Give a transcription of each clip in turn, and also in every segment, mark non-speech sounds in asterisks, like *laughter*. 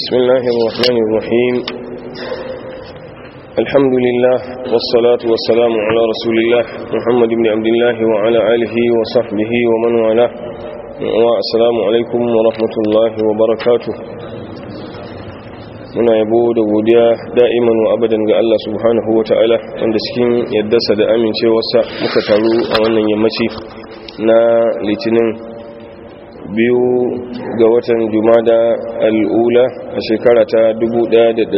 بسم الله الرحمن الرحيم الحمد لله والصلاة والسلام على رسول الله محمد بن عبد الله وعلى آله وصحبه ومن والاه السلام عليكم ورحمة الله وبركاته من يبود وديا دائما وأبدا قال الله سبحانه وتعالى من دسكين يدسد أمين شوسا مكتلو أولا يمشي نا لتنين biyu ga watan jumada al'ula a shekara ta 1435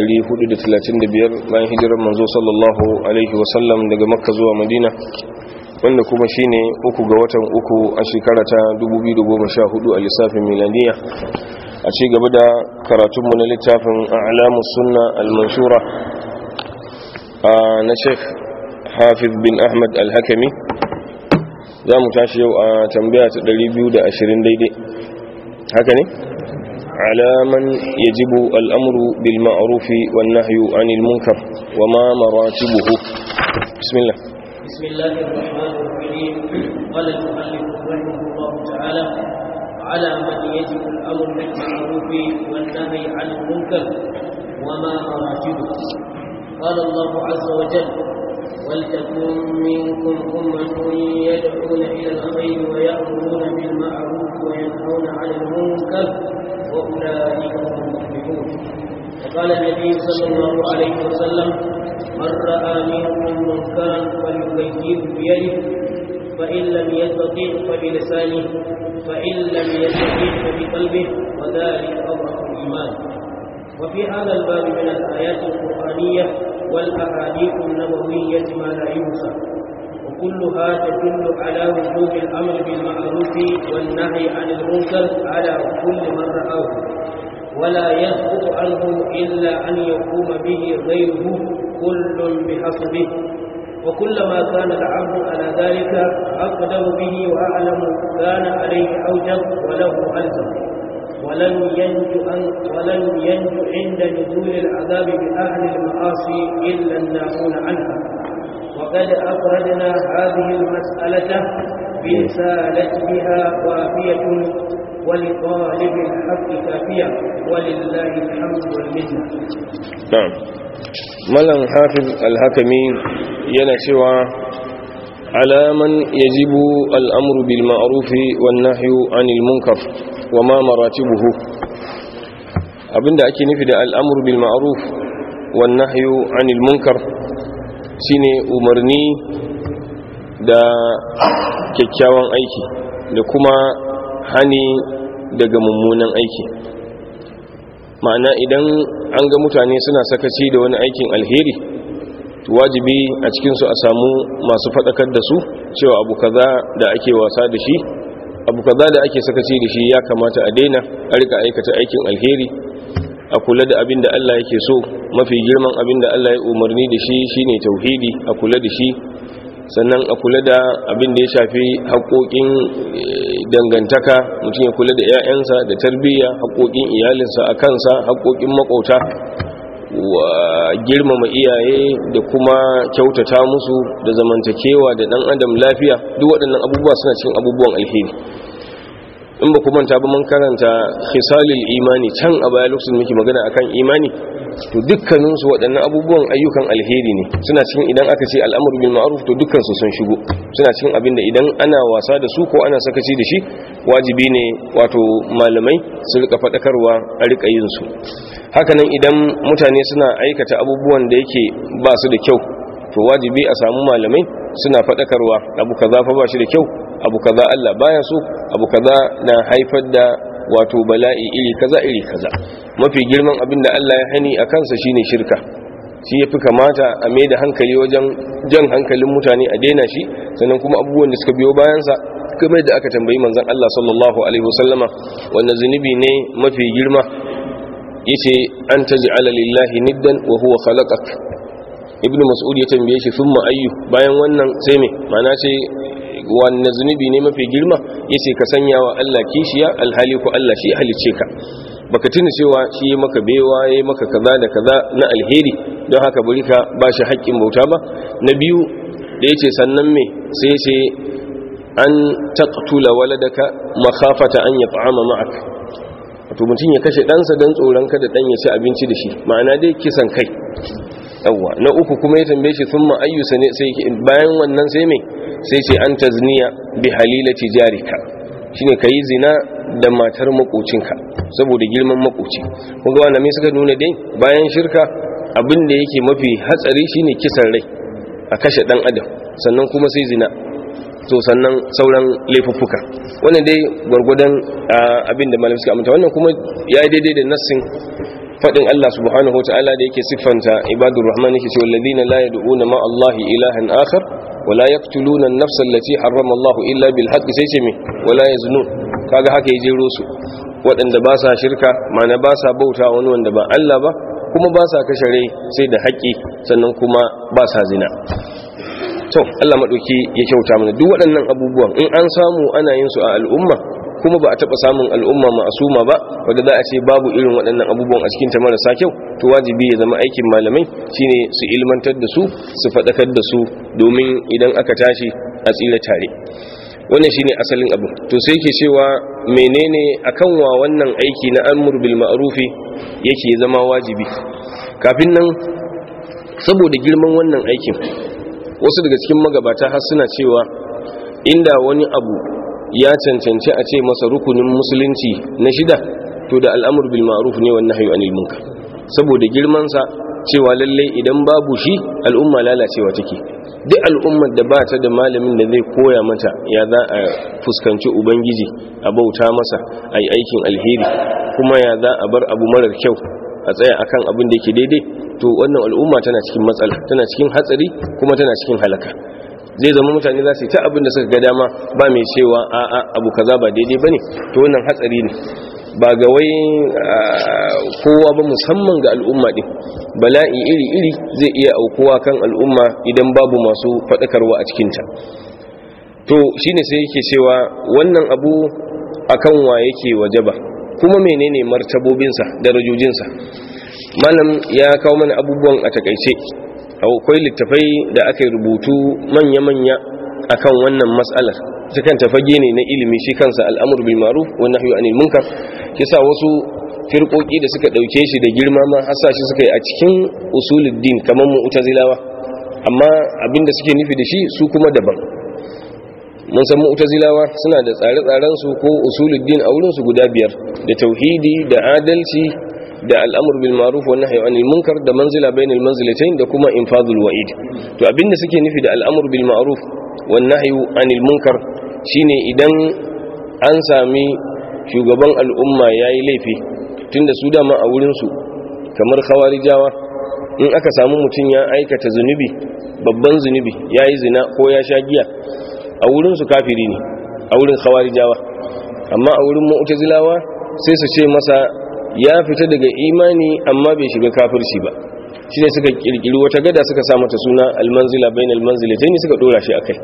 bayan hijirar manzo sallallahu alaihi wasallam daga makka zuwa madina wanda kuma shine uku ga watan uku a shekara ta 2014 a lissafin milaniya a ci gaba da karatunmu na littafin alamun sunna al-mansura na sheikh hafiz bin ahmad al-hakami za mu tashi yau a tambaya ta 220 daidai haka ne alaman yajibu al'amuru bil ma'arufi wan nahyu anil munkar wa ma maratibuhu bismillah bismillahir rahmanir rahim qala al-muallif ta'ala ala man yajibu al bil ma'rufi wan nahyi anil munkar wa ma maratibuhu qala Allah ولتكن منكم أمة يدعون إلى الخير ويأمرون بالمعروف وينهون عن المنكر وأولئك هم المفلحون وقال النبي صلى الله عليه وسلم من رأى منكم منكرا فليغيره بيده فإن لم يستطع فبلسانه فإن لم يستطع فبقلبه وذلك أضعف الإيمان وفي هذا الباب من الآيات القرآنية والأحاديث النبوية ما لا ينسى وكلها تدل على وجوب الأمر بالمعروف والنهي عن المنكر على كل من رآه ولا يسقط عنه إلا أن يقوم به غيره كل بحسبه وكلما كان العبد على ذلك أقدر به وأعلم كان عليه أوجب وله ألزم ولن ينج ولن ينج عند نزول العذاب بأهل المعاصي إلا الناهون عنها وقد أفردنا هذه المسألة برسالة بها وافية ولطالب الحق كافية ولله الحمد والمنة نعم ملم حافظ الحكمي ينسوى على من يجب الأمر بالمعروف والنهي عن المنكر wa ma maratibuhu abinda ake nufi da al'amur bil ma'ruf wan nahyu 'anil munkar shine umarni da kyakkyawan aiki da kuma hani daga mummunan aiki ma'ana idan an ga mutane suna sakaci da wani aikin alheri wajibi a cikinsu a samu masu faɗakar da su cewa abu kaza da ake wasa da shi abu kaza da ake sakaci da shi ya kamata a daina a rika aikata aikin alheri a kula da abin da Allah yake so mafi girman abin da Allah ya umarni da shi shi ne tauhidi a kula da shi sannan a kula da abin da ya shafi haƙoƙin eh, dangantaka mutum ya kula da 'ya'yansa da tarbiyya haƙoƙin iyalinsa a kansa haƙoƙin maƙota wa girmama iyaye da kuma kyautata musu da zamantakewa da dan adam lafiya duk waɗannan abubuwa suna cikin abubuwan alheri in ba kuma ta ba mun karanta khisalul imani can a baya lokacin muke magana akan imani to dukkaninsu waɗannan abubuwan ayyukan alheri ne suna cikin idan aka ce al'amur bil ma'ruf to dukkansu sun shigo suna cikin abinda idan ana wasa da su ko ana sakaci da shi wajibi ne wato malamai su rika faɗakarwa a rika yin su hakanan idan mutane suna aikata abubuwan da yake ba su da kyau to wajibi a samu malamai suna faɗakarwa abu kaza fa ba shi da kyau abu kaza Allah baya so abu kaza na haifar da wato bala'i iri kaza iri kaza mafi girman abin da Allah ya hani a kansa shine shirka shi yafi kamata a mai da hankali wajen jan hankalin mutane a daina shi sannan kuma abubuwan da suka biyo bayansa kamar da aka tambayi manzon Allah sallallahu alaihi wasallama wanda zunubi ne mafi girma yace an taj'ala lillahi niddan wa huwa khalaqak ibnu mas'ud ya tambaye shi thumma ayyu bayan wannan sai me mana sai wanne zunubi ne mafi girma Ya ce ka sanya wa Allah kishiya alhali ko Allah shi halice ka baka tuna cewa shi ya maka bewa ya maka kaza da kaza na alheri don haka bari ka ba shi haƙƙin bauta ba na biyu da ya ce sannan me sai ce an taqtula waladaka makhafata an yat'ama ma'aka wato mutum ya kashe ɗansa don tsoron kada ɗan ya ci abinci da shi ma'ana dai kisan kai yawwa na uku kuma ya tambaye shi thumma ayyusa ne sai bayan wannan sai me sai ce an tazniya bi halilati jarika shine kayi zina da matar makocinka saboda girman makoci kuma wannan me suka nuna dai bayan shirka abin da yake mafi hatsari shine kisan rai a kashe dan adam sannan kuma sai zina to sannan sauran laifuffuka wannan dai gwargwadon ah, abin da malamin suka amince wannan kuma ya daidai da nassin fadin Allah subhanahu wataala da yake siffanta ibadur rahman yake cewa alladhina la yad'una ma Allah ilahan akhar wala yaqtuluna an-nafsa allati harrama Allah illa bil haqq sai ce me wala yaznun kaga haka yaje rusu waɗanda ba sa shirka mana ba sa bauta wani wanda ba Allah ba kuma ba sa kashe rai sai da haƙi sannan kuma ba sa zina to Allah maɗauki ya kyauta mana duk waɗannan abubuwan in an samu ana yin su a al'umma kuma ba a taba samun al'umma ma'asuma ba wadda za a ce babu irin waɗannan abubuwan a cikin ta marasa kyau to wajibi ya zama aikin malamai shine su ilmantar da su su faɗakar da su domin idan aka tashi a tsira tare wannan shine asalin abu to sai ke cewa menene akan wa wannan aiki na amr bil ma'rufi yake zama wajibi kafin nan saboda girman wannan aikin wasu daga cikin magabata har suna cewa inda wani abu ya cancanci a ce masa rukunin musulunci na shida to da al'amur bil ma'ruf ne wannan hayu anil munkar saboda girman sa cewa lallai idan babu shi al'umma lalacewa take duk al'ummar da ba ta da malamin da zai koya mata ya za a fuskanci ubangiji a bauta masa a yi aikin alheri kuma ya za a bar abu marar kyau a tsaya akan abin da yake daidai to wannan al'umma tana cikin matsala tana cikin hatsari kuma tana cikin halaka zai zama mutane za su yi ta abin da suka ga dama ba mai cewa a'a abu kaza ba daidai bane to wannan hatsari ne ba ga wai kowa ba musamman ga al'umma din bala'i iri-iri zai iya aukuwa kan al'umma idan babu masu faɗakarwa a cikinta to shine sai yake cewa wannan abu akan wa yake waje ba, kuma menene martabobinsa darajojinsa malam ya kawo mana abubuwan a takaice akwai littafai da aka rubutu manya-manya akan wannan matsalar ta kan fage ne na ilimi shi kansa al'amur bil maruf wa nahyu anil munkar kisa wasu firƙoƙi da suka ɗauke shi da girma ma hasa shi suka yi a cikin usuluddin kamar mu'tazilawa amma abinda suke nufi da shi su kuma daban mun san mu'tazilawa suna da tsare-tsaren su ko usuluddin a wurinsu guda biyar da tauhidi da adalci da al'amur bil ma'ruf wa nahyi anil munkar da manzila bainal manzilatayn da kuma infadul wa'id to abinda suke nufi da al'amur bil ma'ruf wa nahyi anil munkar shine idan an sami shugaban al'umma yayi laifi tunda su dama a wurin su kamar khawarijawa in aka samu mutum ya aikata zunubi babban zunubi yayi zina ko ya sha giya a wurin su kafiri ne a wurin khawarijawa amma a wurin mu'tazilawa sai su ce masa ya fita daga imani amma bai shiga kafirci ba shi ne suka kirkiri wata gada suka sa mata suna almanzila bain almanzilatayn suka dora shi akai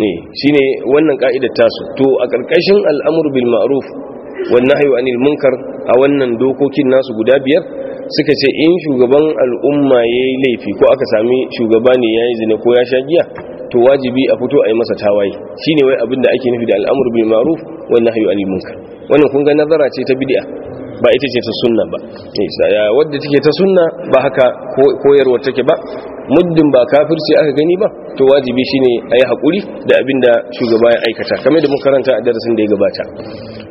ne ne wannan ka'idar tasu to a karkashin al'amur bil ma'ruf wannan haihu anil munkar a wannan dokokin nasu guda biyar suka ce in shugaban al'umma ya yi laifi ko aka sami shugaba ne ya yi zina ko ya sha giya to wajibi a fito a yi masa tawaye Shi ne wai abinda ake nufi da al'amur bil ma'ruf wannan haihu anil munkar wannan kun ga nazara ce ta bid'a ba ita ce ta sunna ba eh, wadda take ta sunna ba haka koyarwar take ba muddin ba kafirci aka gani ba to wajibi shine a yi haƙuri da abin da shugaba ya aikata kamar da makaranta a darasin da ya gabata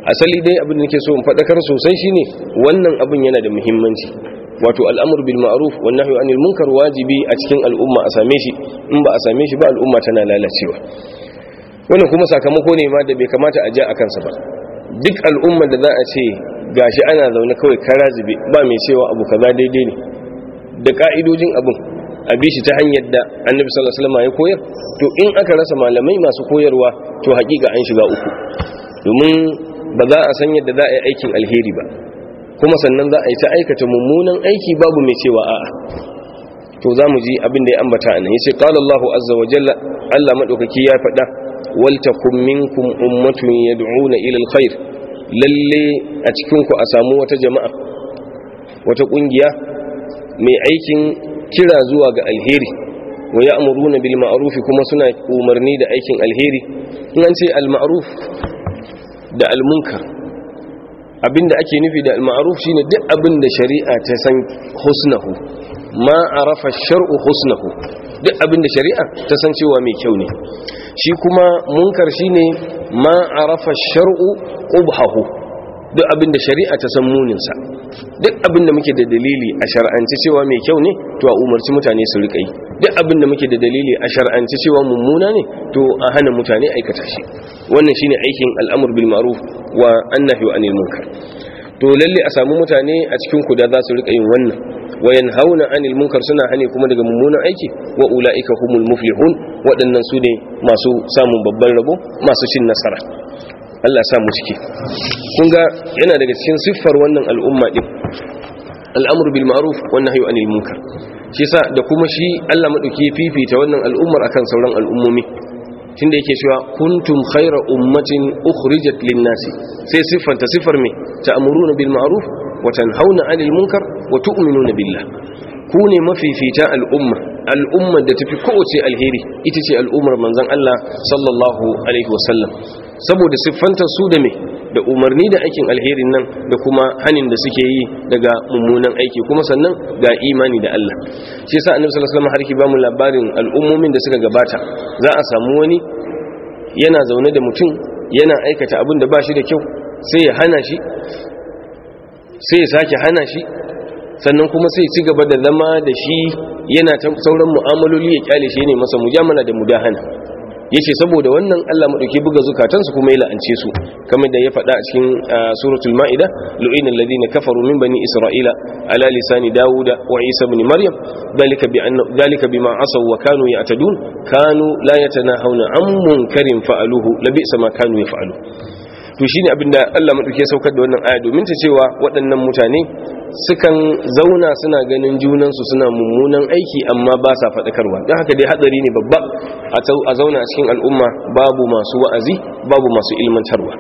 asali dai abin da nake so in faɗakar sosai shine wannan abin yana da muhimmanci wato al'amur bil ma'ruf wa nahyu anil munkar wajibi a cikin al'umma a same shi in ba a same shi ba al'umma tana lalacewa wannan kuma sakamako ne ma da bai kamata a ja a kansa ba duk al'umma da za a ce gashi ana zaune kawai kara zube ba mai cewa abu kaza daidai ne da ka'idojin abin a bi ta hanyar da annabi sallallahu alaihi wasallam ya koyar to in aka rasa malamai masu koyarwa to hakika an shiga uku domin ba za a san yadda za a yi aikin alheri ba kuma sannan za a yi ta aikata mummunan aiki babu mai cewa a'a to za mu ji abin da ya ambata anan ya ce kalallahu azza wa jalla Allah maɗaukaki ya faɗa waltakun takum minkum ummatun yad'una ila alkhair lalle a cikinku a samu wata jama'a wata ƙungiya mai aikin kira zuwa ga alheri wa ya amuru na bilma'arufi kuma suna umarni da aikin alheri in an ce alma'aruf da almunkar abinda ake nufi da alma'aruf shine duk abin shari'a ta san husnahu ma arafa shar'u husnahu duk abinda shari'a ta san cewa mai kyau ne shi kuma munkar shine ne ma'arafa shar'u ubhahu, duk abinda shari'a ta san munin sa duk abinda muke da dalili a shar'anci cewa mai kyau ne to a umarci mutane su rika yi duk abin da muke da dalili a shar'anci cewa mummuna ne to a hana mutane aikata shi wannan shine aikin al'amr bil ma'ruf wa annahyu anil munkar to lalle a samu mutane a cikin ku da za su rika yin wannan wayan hauna anil munkar suna hani kuma daga mummunan aiki wa ulaika humul muflihun waɗannan su ne masu samun babban rabo masu cin nasara Allah sa mu ciki kun ga yana daga cikin siffar wannan al'umma din al'amru bil ma'ruf wan nahyu anil munkar shi sa da kuma shi Allah madauki fifita wannan al'ummar akan sauran al'ummomi tunda yake cewa kuntum khayra ummatin ukhrijat lin-nasi sai siffanta siffar me amuruna bil ma'ruf wa tanhauna 'anil munkar wa tu'minuna billah ku ne mafifita al'umma al'ummar da tafi kowace alheri ita ce al'ummar manzan Allah sallallahu alaihi wasallam saboda siffanta su da me da umarni da aikin alherin nan da kuma hanin da suke yi daga mummunan aiki kuma sannan ga imani da Allah shi sa annabi sallallahu alaihi wasallam har ki bamu labarin al'ummomin da suka gabata za a samu wani yana zaune da mutum yana aikata abin da ba shi da kyau sai ya hana shi sai ya sake hana shi sannan kuma sai ci gaba da zama da shi yana ta sauran mu'amaloli ya kyale shi ne masa mujamala da mudahana yace saboda wannan Allah madauki buga zukatansu kuma ya la'ance su kamar da ya faɗa a cikin suratul maida lu'inal ladina kafaru min bani isra'ila ala lisani dauda wa isa ibn maryam dalika bi anna bima asaw wa kanu ya'tadun kanu la yatanahawna an munkarin fa'aluhu labi sama kanu yaf'alu to shi ne abinda Allah maɗauke saukar da wannan aya domin ta cewa waɗannan mutane sukan zauna suna ganin junansu suna mummunan aiki amma ba sa faɗakarwa don haka dai haɗari ne babba a zauna a cikin al'umma babu masu wa'azi babu masu ilmantarwa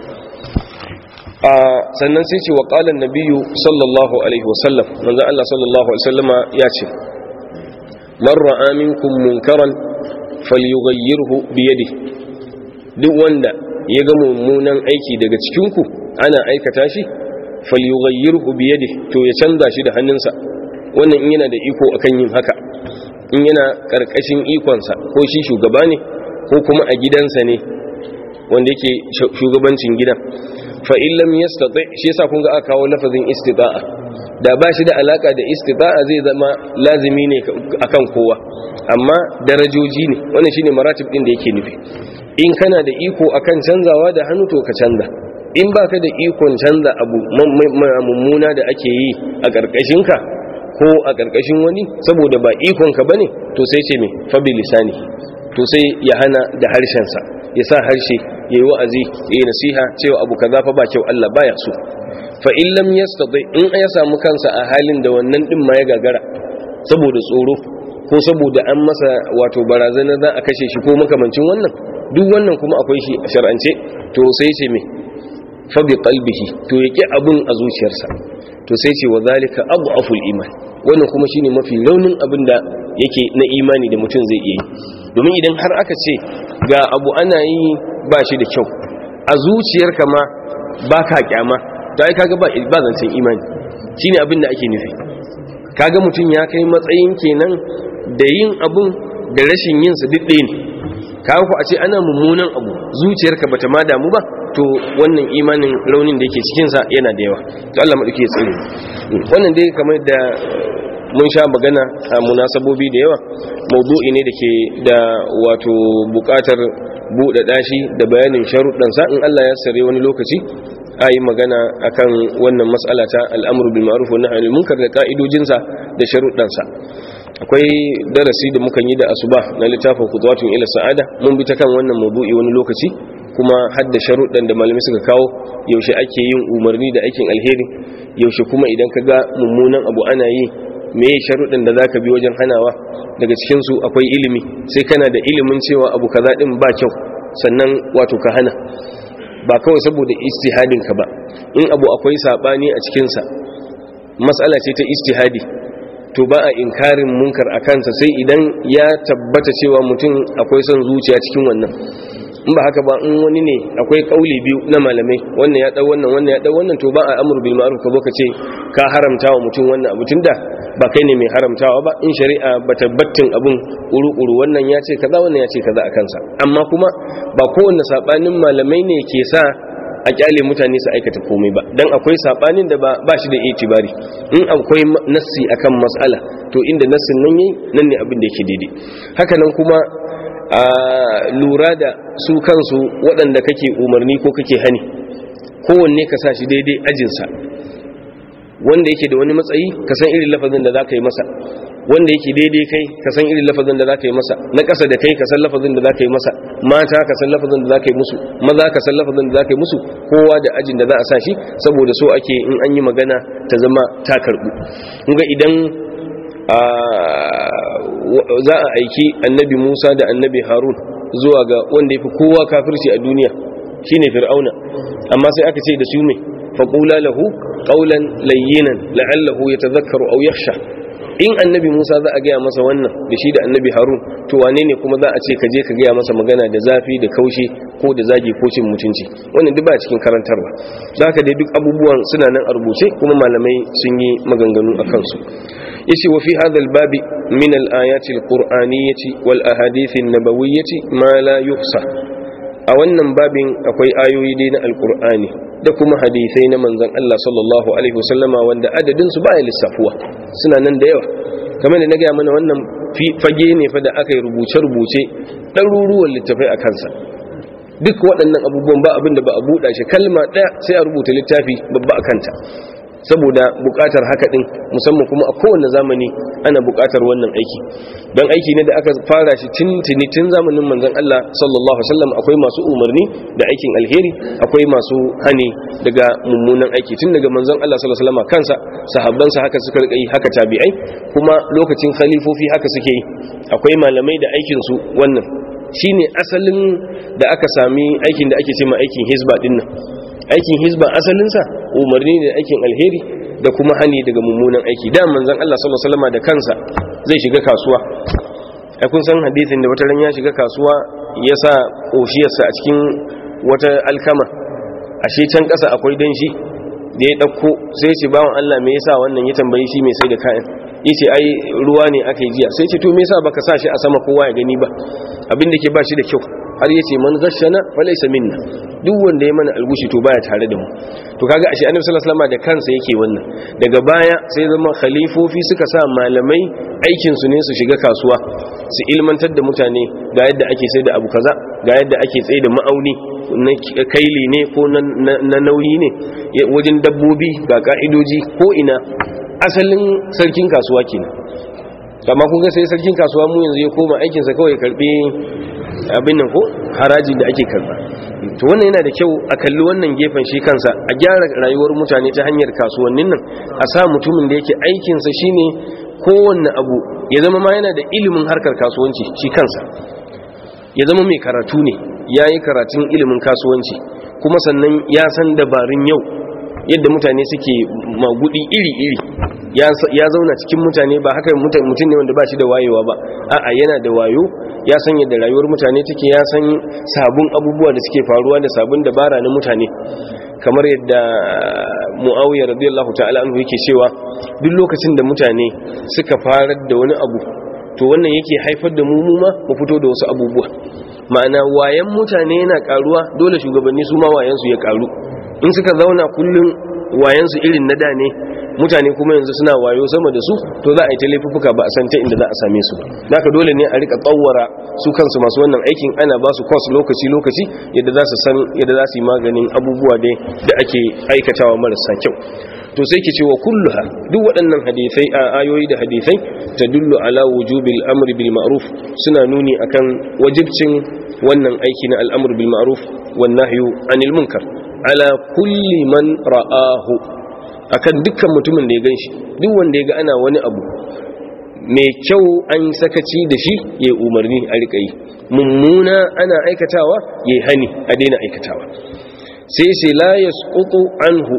sannan sai ce wa ƙalan nabiyu sallallahu alaihi wasallam manzan Allah sallallahu alaihi wasallama ya ce man ra'a minkum munkaran falyughayyirhu bi duk wanda ya ga mummunan aiki daga cikinku ana aikata shi falyughayyirhu bi yadihi to ya canza shi da hannunsa wannan in yana da iko akan yin haka in yana karkashin ikonsa ko shi shugaba ne ko kuma a gidansa ne wanda yake shugabancin gidan fa in lam yastati shi yasa kun ga aka kawo lafazin istita'a da ba shi da alaka da istita'a zai zama lazimi ne akan kowa amma darajoji ne wannan shine maratib din da yake nufi in kana da iko akan canzawa da hannu to ka canza in baka da ikon canza abu mummuna da ake yi a ƙarƙashin ka ko a ƙarƙashin wani saboda ba ikon ka bane to sai ce me fa bi lisani to sai ya hana da harshen sa ya sa harshe yayi wa'azi yayi nasiha cewa abu kaza fa ba kyau Allah baya so fa in lam yastati in ya samu kansa a halin da wannan din ma ya gagara saboda tsoro ko saboda an masa wato barazana za a kashe shi ko makamancin wannan duk wannan kuma akwai shi a shar'ance to sai ce me fa bi qalbihi to yake abun a zuciyarsa to sai ce wa zalika aful iman wannan kuma shine mafi launin abin da yake na imani da mutum zai iya yi domin idan har aka ce ga abu ana yi ba shi da kyau a zuciyarka ma baka kyama to ai kaga ba ba zancen imani shine abin da ake nufi kaga mutum ya kai matsayin kenan da yin abun da rashin yin su duk kawo ku a ce ana mummunan abu zuciyarka bata ma damu ba to wannan imanin launin da yake cikinsa yana da yawa to Allah maɗauki ya tsare mm. wannan dai kamar da uh, mun sha magana a munasabobi da yawa maudu'i ne da ke da wato buƙatar buɗe dashi da bayanin sharuɗansa in Allah ya sare wani lokaci a yi magana akan wannan matsala ta al'amuru bil ma'ruf wa nahy munkar da ka'idojinsa da sharuɗan sa akwai darasi da mukan yi da asuba na littafin kudwatun ila sa'ada mun bi ta kan wannan mabu'i wani lokaci kuma hadda sharuɗan da malamai suka kawo yaushe ake yin umarni da aikin alheri yaushe kuma idan ka ga mummunan abu ana yi me sharuɗan da za ka bi wajen hanawa daga cikinsu akwai ilimi sai kana da ilimin cewa abu kazaɗin zaɗin ba kyau sannan wato ka hana ba kawai saboda istihadinka ka ba in abu akwai saɓani a cikinsa. sa mas'ala ce ta istihadi to ba a inkarin munkar a kansa sai idan ya tabbata cewa mutum akwai son zuciya cikin wannan in ba haka ba in wani ne akwai kauli biyu na malamai wannan ya dau wannan wannan ya dau wannan to ba a amru bil ma'ruf ka boka ce ka haramtawa mutum wannan abu tunda ba kai ne mai haramtawa ba in shari'a ba tabbatin abun uru-uru wannan ya ce kaza wannan ya ce kaza a kansa amma kuma ba kowanne sabanin malamai ne ke sa a kyale mutane su aikata komai ba dan akwai sabanin da ba shi da itibari in akwai nassi akan matsala to inda nassin nan yayi nan ne abin da yake daidai hakanan kuma a lura da su kansu waɗanda kake umarni ko kake hani kowanne ka sa shi daidai ajinsa wanda yake da wani matsayi ka san irin lafazin da za ka yi masa wanda yake daidai kai ka san irin lafazin da za ka yi masa na ƙasa da kai ka san lafazin da za ka yi masa mata ka san lafazin da za ka yi musu maza ka san lafazin da za ka yi musu kowa da ajin da za a sa shi saboda so ake in an yi magana ta zama ta karɓu idan za a aiki annabi musa da annabi harun zuwa ga wanda ya fi kowa kafirci a duniya shine fir'auna amma sai aka ce da su mai faƙula lahu ƙaulan layyinan la'allahu ya tazakaru au in annabi musa za a gaya masa wannan da shi da annabi harun to wane ne kuma za a ce ka je ka gaya masa magana da zafi da kaushe ko da zagi ko cin mutunci wannan duk ba cikin karantarwa za ka dai duk abubuwan suna nan a rubuce kuma malamai sun yi maganganu a kansu yace wa fi hadha al-bab min al-ayati al-qur'aniyyati wal ahadith an-nabawiyyati ma la yuhsa a wannan babin akwai ayoyi dai na alkur'ani da kuma hadisai na manzon Allah sallallahu alaihi wasallama wanda adadin su ya lissafuwa suna nan da yawa kamar da na gaya mana wannan fage ne fa da aka yi rubuce-rubuce ɗaruruwan littafai a kansa duk waɗannan abubuwan ba abin da ba a buɗa shi kalma ɗaya sai a rubuta littafi babba a kanta saboda bukatar haka din musamman kuma a kowane zamani ana bukatar wannan aiki don aiki ne da aka fara shi tintini tun zamanin manzon Allah sallallahu alaihi wasallam akwai masu umarni da aikin alheri akwai masu hani daga mummunan aiki tun daga manzon Allah sallallahu alaihi wasallam kansa sahabbansa haka suka rika haka tabi'ai kuma lokacin khalifofi haka suke yi akwai malamai da aikin su wannan shine asalin da aka sami aikin da ake cewa aikin Hisba dinnan aikin hizba asalinsa umarni ne da aikin alheri da kuma hani daga mummunan aiki da manzon Allah sallallahu da kansa zai shiga kasuwa a kun san hadisin da wata ran ya shiga kasuwa ya sa koshiyarsa a cikin wata alkama ashe can ƙasa akwai danshi da ya ɗauko sai ce bawan Allah me yasa wannan ya tambayi shi mai sai da kayan yace ai ruwa ne aka yi jiya sai ce to me yasa baka sa shi a sama kowa ya gani ba abin da ke ba shi da kyau har yace man ghashana falaysa minna duk wanda ya mana algushi to baya tare da mu to kaga ashe annabi sallallahu alaihi wasallam da kansa yake wannan daga baya sai zama khalifofi suka sa malamai aikin su ne su shiga kasuwa su ilmantar da mutane ga yadda ake sai da abu kaza ga yadda ake tsaye da ma'auni na kaili ne ko na nauyi ne wajen dabbobi ga ka'idoji ko ina asalin sarkin kasuwa kenan kama kun ga sai sarkin kasuwa mu yanzu ya koma aikinsa kawai karbe abin nan ko haraji da ake karba to wannan yana da kyau a kalli wannan gefen shi kansa a gyara rayuwar mutane ta hanyar kasuwannin nan a sa mutumin da yake aikinsa shine kowanne abu ya zama ma yana da ilimin harkar kasuwanci shi kansa ya zama mai karatu ne ya yi karatun ilimin kasuwanci kuma sannan ya san dabarun yau yadda mutane suke magudi iri-iri ya zauna cikin mutane ba haka mutum ne wanda ba shi da wayewa ba a'a yana da wayo ya san yadda rayuwar mutane take ya san sabon abubuwa da suke faruwa da sabon dabara na mutane kamar yadda mu'awiyar radiyallahu ta'ala an yake cewa duk lokacin da mutane suka farar da wani abu to wannan yake haifar da mu ma mu fito da wasu abubuwa ma'ana wayan mutane yana karuwa dole shugabanni su ma wayansu ya karu in suka zauna kullum wayansu irin na da ne mutane kuma yanzu suna wayo sama da su to za a yi ta laifuka ba a san ta inda za a same su ba haka dole ne a rika tsawara su kansu masu wannan aikin ana ba su kwas lokaci lokaci yadda za su san yadda za su yi maganin abubuwa dai da ake aikatawa marasa kyau to sai ke cewa kulluha duk waɗannan hadisai a ayoyi da hadisai ta dullu ala wujubil amri bil ma'ruf suna nuni akan wajibcin wannan aiki na al'amr bil ma'ruf wan nahyu anil munkar ala kulli man ra'ahu akan dukkan mutumin da ya gan shi duk wanda ya ga ana wani abu mai kyau an sakaci da shi ya umarni a rikai yi mummuna ana aikatawa ya yi hani a daina aikatawa sai sai la an anhu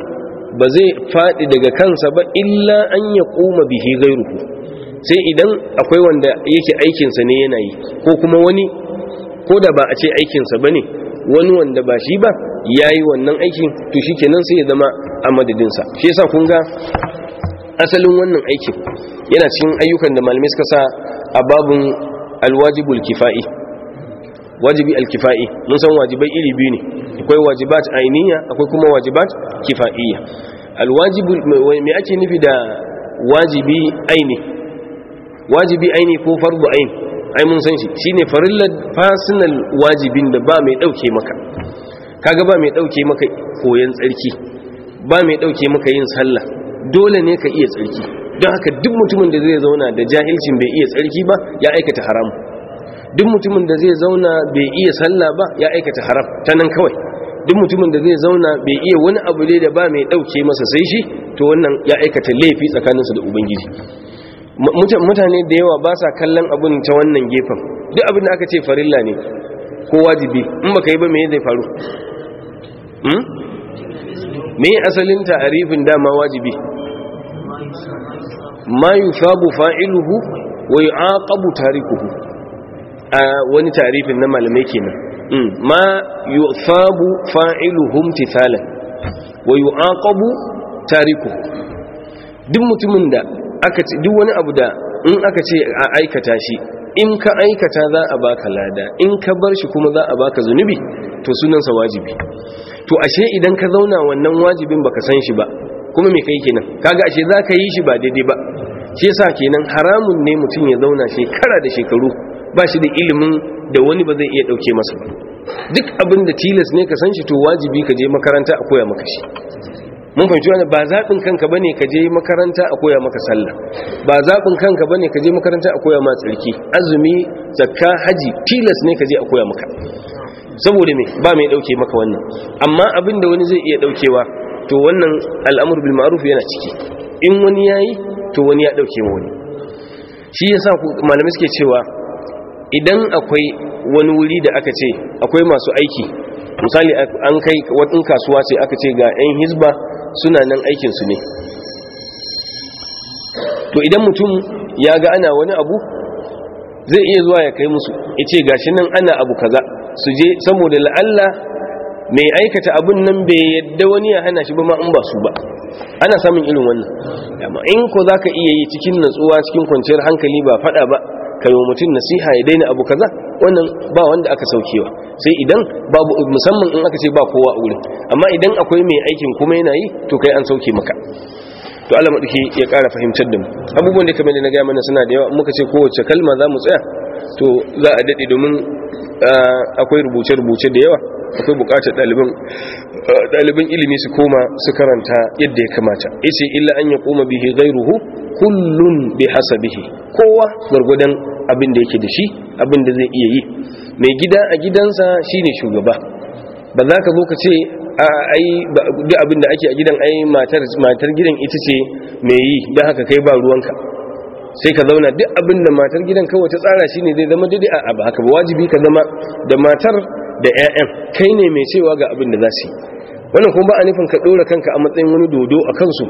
ba zai fadi daga kansa ba illa an ya kuma bihi gairuhu sai idan akwai wanda yake aikinsa ne yana yi ko kuma wani ko da ba a ce aikinsa ba ne wani wanda ba shi ba ya yi wannan aikin to shi kenan sai ya zama a madadinsa shi yasa kun ga asalin wannan aikin yana cikin ayyukan da malamai suka sa a babun alwajibul kifa'i wajibi alkifa'i mun san wajibai iri biyu ne akwai wajibat ainiya akwai kuma wajibat kifa'iyya alwajibul me ake nufi da wajibi aini wajibi aini ko fardu aini ai mun san shi shine farillar fasinal wajibin da ba mai dauke maka kaga ba mai dauke maka koyan tsarki ba mai dauke maka yin sallah dole ne ka iya tsarki don haka duk mutumin da zai zauna da jahilcin bai iya tsarki ba ya aikata haram duk mutumin da zai zauna bai iya sallah ba ya aikata haram ta nan kawai duk mutumin da zai zauna bai iya wani abu ne da ba mai dauke masa sai shi to wannan ya aikata laifi tsakaninsa da ubangiji mutane da yawa ba sa kallon abin ta wannan gefen duk abin da aka ce farilla ne ko wajibi in baka yi ba mai zai faru mai hmm? asalin ta'arifin dama wajibi ma sabu fa'iluhu wa yu'aqabu tarikuhu a wani ta'arifin na malamai kenan hmm. ma yusabu fa'iluhu imtithalan wa yu'aqabu tarikuhu duk mutumin da aka ce duk wani abu da in aka ce a aikata shi in ka aikata za a baka lada in ka bar shi kuma za a baka zunubi to sunansa wajibi to ashe idan ka zauna wannan wajibin baka san shi ba kuma me kai kenan kaga ashe za ka yi shi ba daidai ba shi yasa kenan haramun ne mutum ya zauna shekara da shekaru ba shi da ilimin da wani ba zai iya dauke masa ba duk abin da tilas ne ka san shi to wajibi ka je makaranta a koya maka shi mun fahimci wani ba zaɓin kanka ba ne ka je makaranta a koya maka sallah ba zaɓin kanka ba ne ka je makaranta a koya ma tsarki azumi zakka haji tilas ne ka je a koya maka saboda me ba mai ɗauke maka wannan amma abin da wani zai iya ɗaukewa to wannan al'amur bil ma'ruf yana ciki in wani yayi to wani ya ɗauke wa wani shi yasa malamai suke cewa idan akwai wani wuri da aka ce akwai masu aiki misali an kai wadin kasuwa sai aka ce ga 'yan hisba. suna nan aikinsu ne to idan mutum ya ga ana wani abu zai iya zuwa ya kai musu ya ce gashi nan ana abu kaza su je saboda la'alla mai aikata abun nan bai yadda wani ya hana shi ba ma an ba su ba ana samun irin wannan amma in ko za ka iya yi cikin natsuwa cikin kwanciyar hankali ba fada ba kai wa mutum nasiha ya daina abu kaza wannan ba wanda aka saukewa sai idan babu musamman in aka ce ba kowa a wurin amma idan akwai mai aikin kuma yana yi to kai an sauke maka to Allah madaki ya kara fahimtar da mu abubuwan da kamar da na ga mana suna da yawa muka ce kowace kalma za mu tsaya to za a dade domin akwai rubuce-rubuce da yawa akwai bukatar ɗaliban ilimi su koma su karanta yadda ya kamata isi illa an ya koma bihi ghayruhu kullum hasa kowa gwargwadon abin da yake da shi abin da zai iya yi mai gida a gidansa shine shugaba ba za ka zo ka ce duk abin da ake a gidan ai matar matar gidan ita ce mai yi don haka kai ba ruwanka sai ka zauna duk abin da matar gidan kawai ta tsara shine zai zama daidai a ba haka ba wajibi ka zama da matar da 'ya'yan kai ne mai cewa ga abin da za su yi wannan kuma ba a nufin ka ɗora kanka a matsayin wani dodo a kansu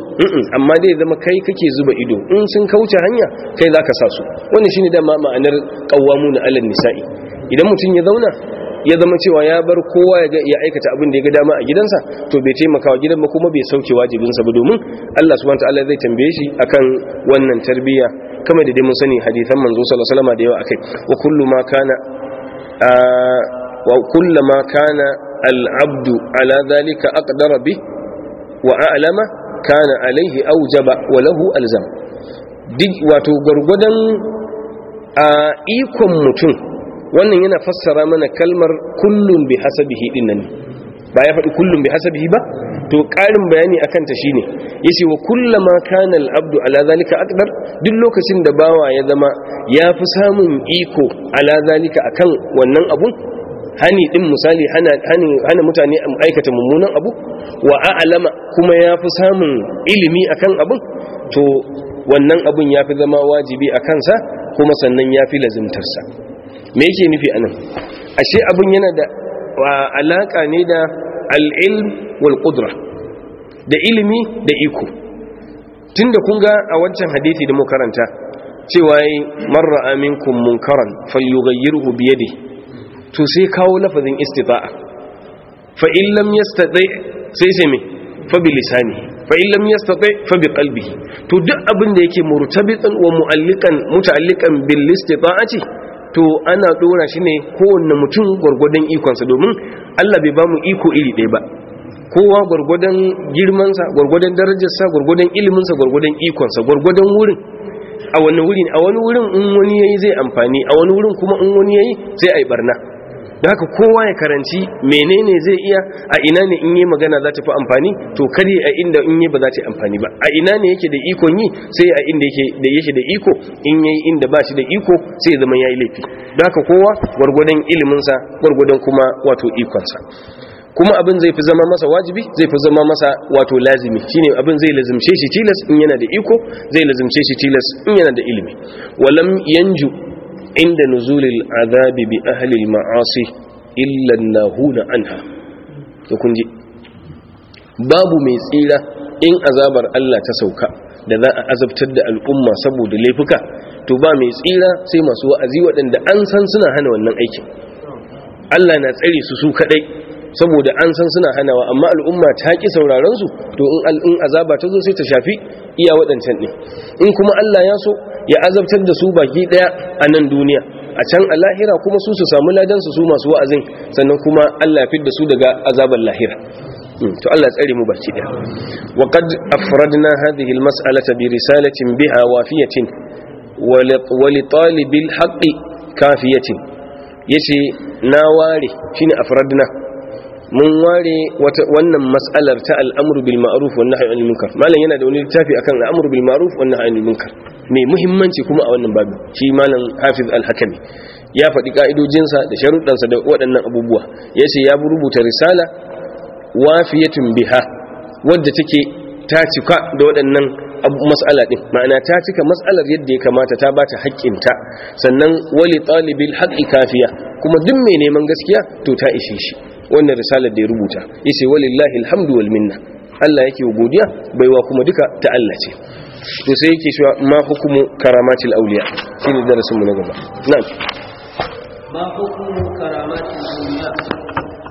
amma dai zama kai kake zuba ido in sun kauce hanya kai za ka sa su wannan shine dama ma'anar ƙawwamu na alal nisa'i idan mutum ya zauna ya zama cewa ya bar kowa ya aikata abin da ya ga dama a gidansa to bai taimakawa gidan ba kuma bai sauke wajibinsa ba domin Allah subhanahu wataala zai tambaye shi akan wannan tarbiyya kamar da dai mun sani hadisan manzo sallallahu alaihi wasallam da yawa akai wa kullu ma kana wa kullu ma kana al-abdu ala dhalika aqdara bi wa a'lama kana alaihi aujaba wa lahu alzam wato gurgudan a ikon mutum wannan yana fassara mana kalmar kullum bi hasabihi din nan ba ya faɗi kullum bi hasabihi ba to ƙarin bayani shi ne, ya ce wa kullama kana al-abdu ala zalika aqdar duk lokacin da bawa ya zama ya fi samun iko ala zalika akan wannan abun hani din misali hana mutane aikata mummunan abu wa a'lama kuma ya fi samun ilimi akan abun to wannan abun ya fi zama wajibi a kansa kuma sannan ya fi lazimtarsa me yake nufi anan ashe abin yana da alaka ne da al'ilm wal qudra da ilimi da iko tunda kun ga a wancan hadisi da mu karanta cewa man ra'a minkum munkaran falyughayyirhu bi yadihi to sai kawo lafazin istita'a fa in lam yastati sai sai me fa bi lisanihi fa in lam yastati fa bi qalbihi to duk abin da yake murtabitan wa mu'allikan muta'alliqan bil istita'ati to ana dora shi ne kowane mutum gwargwadon ikonsa domin Allah bai ba mu iko iri ɗaya ba kowa gwargwadon girmansa gwargwadon darajarsa gwargwadon iliminsa gwargwadon ikonsa gwargwadon wurin a wani wurin a wani wurin in wani yayi zai amfani a wani wurin kuma in wani yayi zai ai barna da haka kowa ya karanci menene zai iya a ina ne in yi magana za ta fi amfani to kare a inda in yi ba za ta amfani ba a ina ne yake da ikon yi sai a inda yake da yake da iko in yi inda ba shi da iko sai zama yi laifi da haka kowa gwargwadon iliminsa gwargwadon kuma wato ikonsa kuma abin zai fi zama masa wajibi zai fi zama masa wato lazimi ne abin zai lazimce shi tilas in yana da iko zai lazimce shi tilas in yana da ilimi walam yanju inda nuzulil azabi bi ahlil ma'asi illa nahuna anha to kun ji babu mai tsira in azabar Allah ta sauka da za a azabtar da al'umma saboda laifuka to ba mai tsira sai masu wa'azi waɗanda an san suna hana wannan aikin Allah na tsare su su kadai saboda an san suna hanawa amma al'umma ta ki sauraron su to in azaba ta sai ta shafi iya waɗancan ne in kuma Allah ya so ya azabtar da su baki daya a nan duniya a can a lahira kuma su su samu ladansu su masu wa'azin sannan kuma Allah fi da su daga azabar lahira hmm, to Allah tsare mu baki daya wa qad afradna hadhihi almas'alata bi risalatin biha wafiyatin wa li talibil haqqi kafiyatin yace na ware shine afradna mun ware wannan mas'alar ta al'amru bil ma'ruf wa munkar malam yana da wani littafi akan al'amru bil ma'ruf wa munkar mai muhimmanci kuma a wannan babu shi malam hafiz al-hakami ya faɗi ka'idojinsa da sharuɗansa da waɗannan abubuwa ya ce ya rubuta risala wafiyatun biha wadda take ta cika da waɗannan mas'ala din ma'ana ta cika mas'alar yadda ya kamata ta bata haƙƙinta sannan wali talibil haqqi kafiya kuma duk mai neman gaskiya to ta ishe shi wannan risalar da ya rubuta yace walillahi alhamdu wal minna Allah yake godiya baiwa kuma duka ta Allah ce to sai yake shi ma hukumu karamatil auliya ne darasin mu na gaba na'am ma hukumu karamatul auliya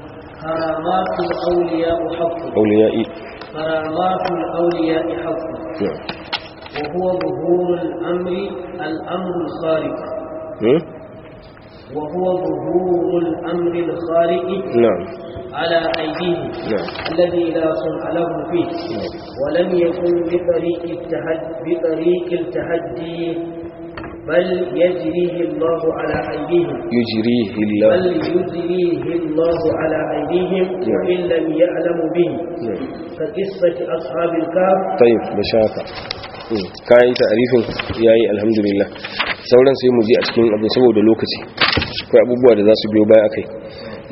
karamatul auliya haqqu auliya'i karamatul auliya hukumu wa huwa zuhurul amri al-amru al-khariq وهو ظهور الأمر الخارجي نعم على أيديهم نعم الذي لا صنع له فيه نعم. ولم يكن بطريق التحدي بطريق التحدي بل يجريه الله على أيديهم يجريه الله بل يجريه الله على أيديهم نعم. وإن لم يعلموا به نعم. فقصة أصحاب الكهف طيب مشافة Mm. kayan ta'arifin yayi alhamdulillah sauran sai mu je a cikin abu saboda lokaci kai abubuwa da za su biyo baya akai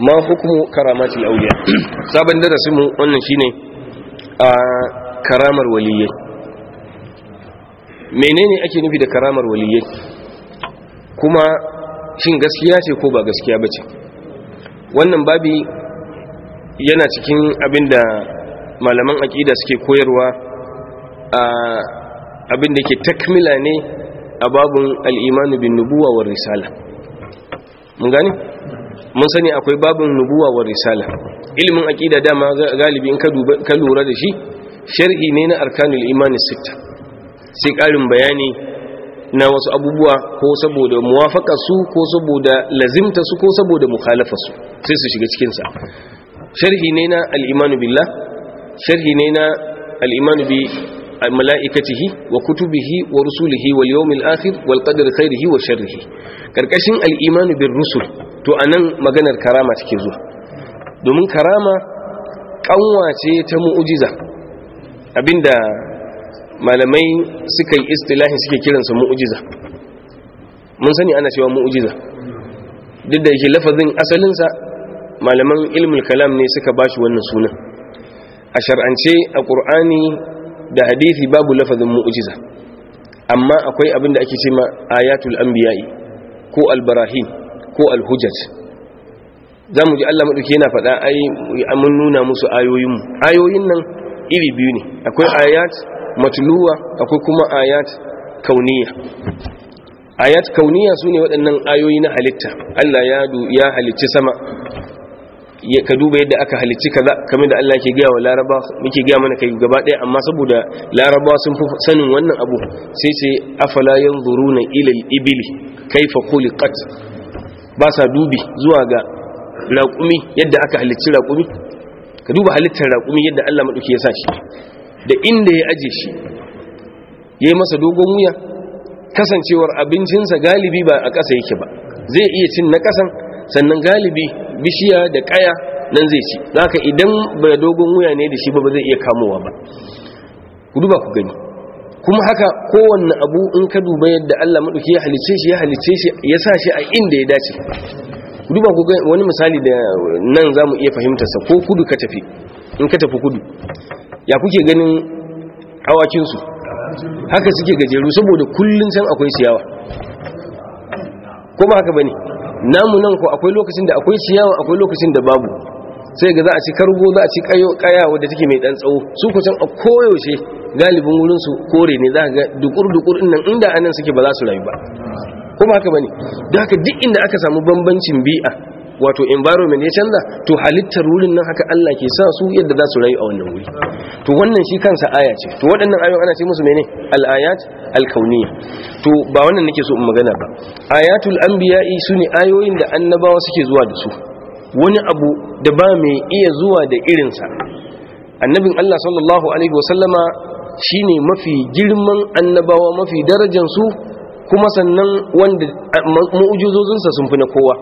ma hukumu karamatul awliya *coughs* sabon darasin mu wannan shine a karamar waliyye menene ake nufi da karamar waliyye kuma shin gaskiya ce ko ba gaskiya bace wannan babi yana cikin abinda malaman aqida suke koyarwa a abin da ke takmila ne a babun al'imanu bin nubuwa wa risala mun gani mun sani akwai babun nubuwa wa risala ilimin aƙida dama galibi in ka lura da shi shar'i ne na arkanul imanin sita sai ƙarin bayani na wasu abubuwa ko saboda muwafaka su ko saboda lazimta su ko saboda mukhalafa su sai su shiga cikinsa sharhi ne na al'imanu billah sharhi ne na al'imanu bi mala'ikatihi wa kutubihi wa rusulihi wal yawmil akhir wal qadri khairihi wa sharrihi karkashin al iman bin rusul to anan maganar karama take zuwa domin karama kanwa ce ta mu'ujiza abinda malamai suka yi istilahin suke kiransa mu'ujiza, mun sani ana cewa mu'ujiza. duk da yake lafazin asalinsa malaman ilmul kalam ne suka bashi wannan sunan a shar'ance a ƙur'ani da hadisi babu lafazin mu'jiza amma akwai abin da ake ce ma ayatul anbiya'i ko albarahin ko alhujjaj zamu ji Allah maɗauki yana faɗa ai mun nuna musu ayoyin mu ayoyin nan iri biyu ne akwai ayat matluwa akwai kuma ayat kauniya ayat kauniya sune waɗannan ayoyi na halitta Allah ya halicci sama ka duba yadda aka halicci kaza kamar da Allah ke gaya wa laraba muke gaya mana kai gaba ɗaya amma saboda laraba sun fi sanin wannan abu sai sai afala yanzuruna ila al-ibli kaifa khuliqat ba sa dubi zuwa ga raƙumi yadda aka halicci raƙumi ka duba halittar raƙumi yadda Allah madauki ya sa shi da inda ya aje shi yayi masa dogon wuya kasancewar abincinsa galibi ba a ƙasa yake ba zai iya cin na ƙasan sannan galibi bishiya da kaya nan zai ci ka idan ba dogon wuya ne da shi ba zai iya kamowa ba ku duba ku gani kuma haka kowanne abu in ka duba yadda Allah maɗauki ya halice shi ya halice shi ya sa shi a inda ya dace ku duba ku gani. wani misali da nan za mu iya fahimtarsa ko kudu ka tafi in ka tafi kudu ya kuke ganin awakinsu haka suke gajeru saboda kullum can akwai siyawa kuma haka ba ne namu nan ko akwai lokacin da akwai ciyawa akwai lokacin da babu sai ga za a ci kargo za a ci kaya da take mai dan tsawo su kusan a koyaushe galibin wurin su kore ne za ga dukur dukur nan inda anan suke ba za su rayu ba ko haka bane da haka duk inda aka samu bambancin bi'a wato environment ya canza to halittar wurin nan haka Allah ke sa su yadda za su rayu a wannan wuri to wannan shi kansa aya ce to waɗannan ayoyin ana ce musu mene al-ayat al-kauniyya to ba wannan nake so in magana ba ayatul anbiya'i sune ayoyin da annabawa suke zuwa da su wani abu da ba mai iya zuwa da irin sa annabin Allah sallallahu alaihi wasallama shine mafi girman annabawa mafi darajar su, kuma sannan wanda mu'ujizozinsa sun fi na kowa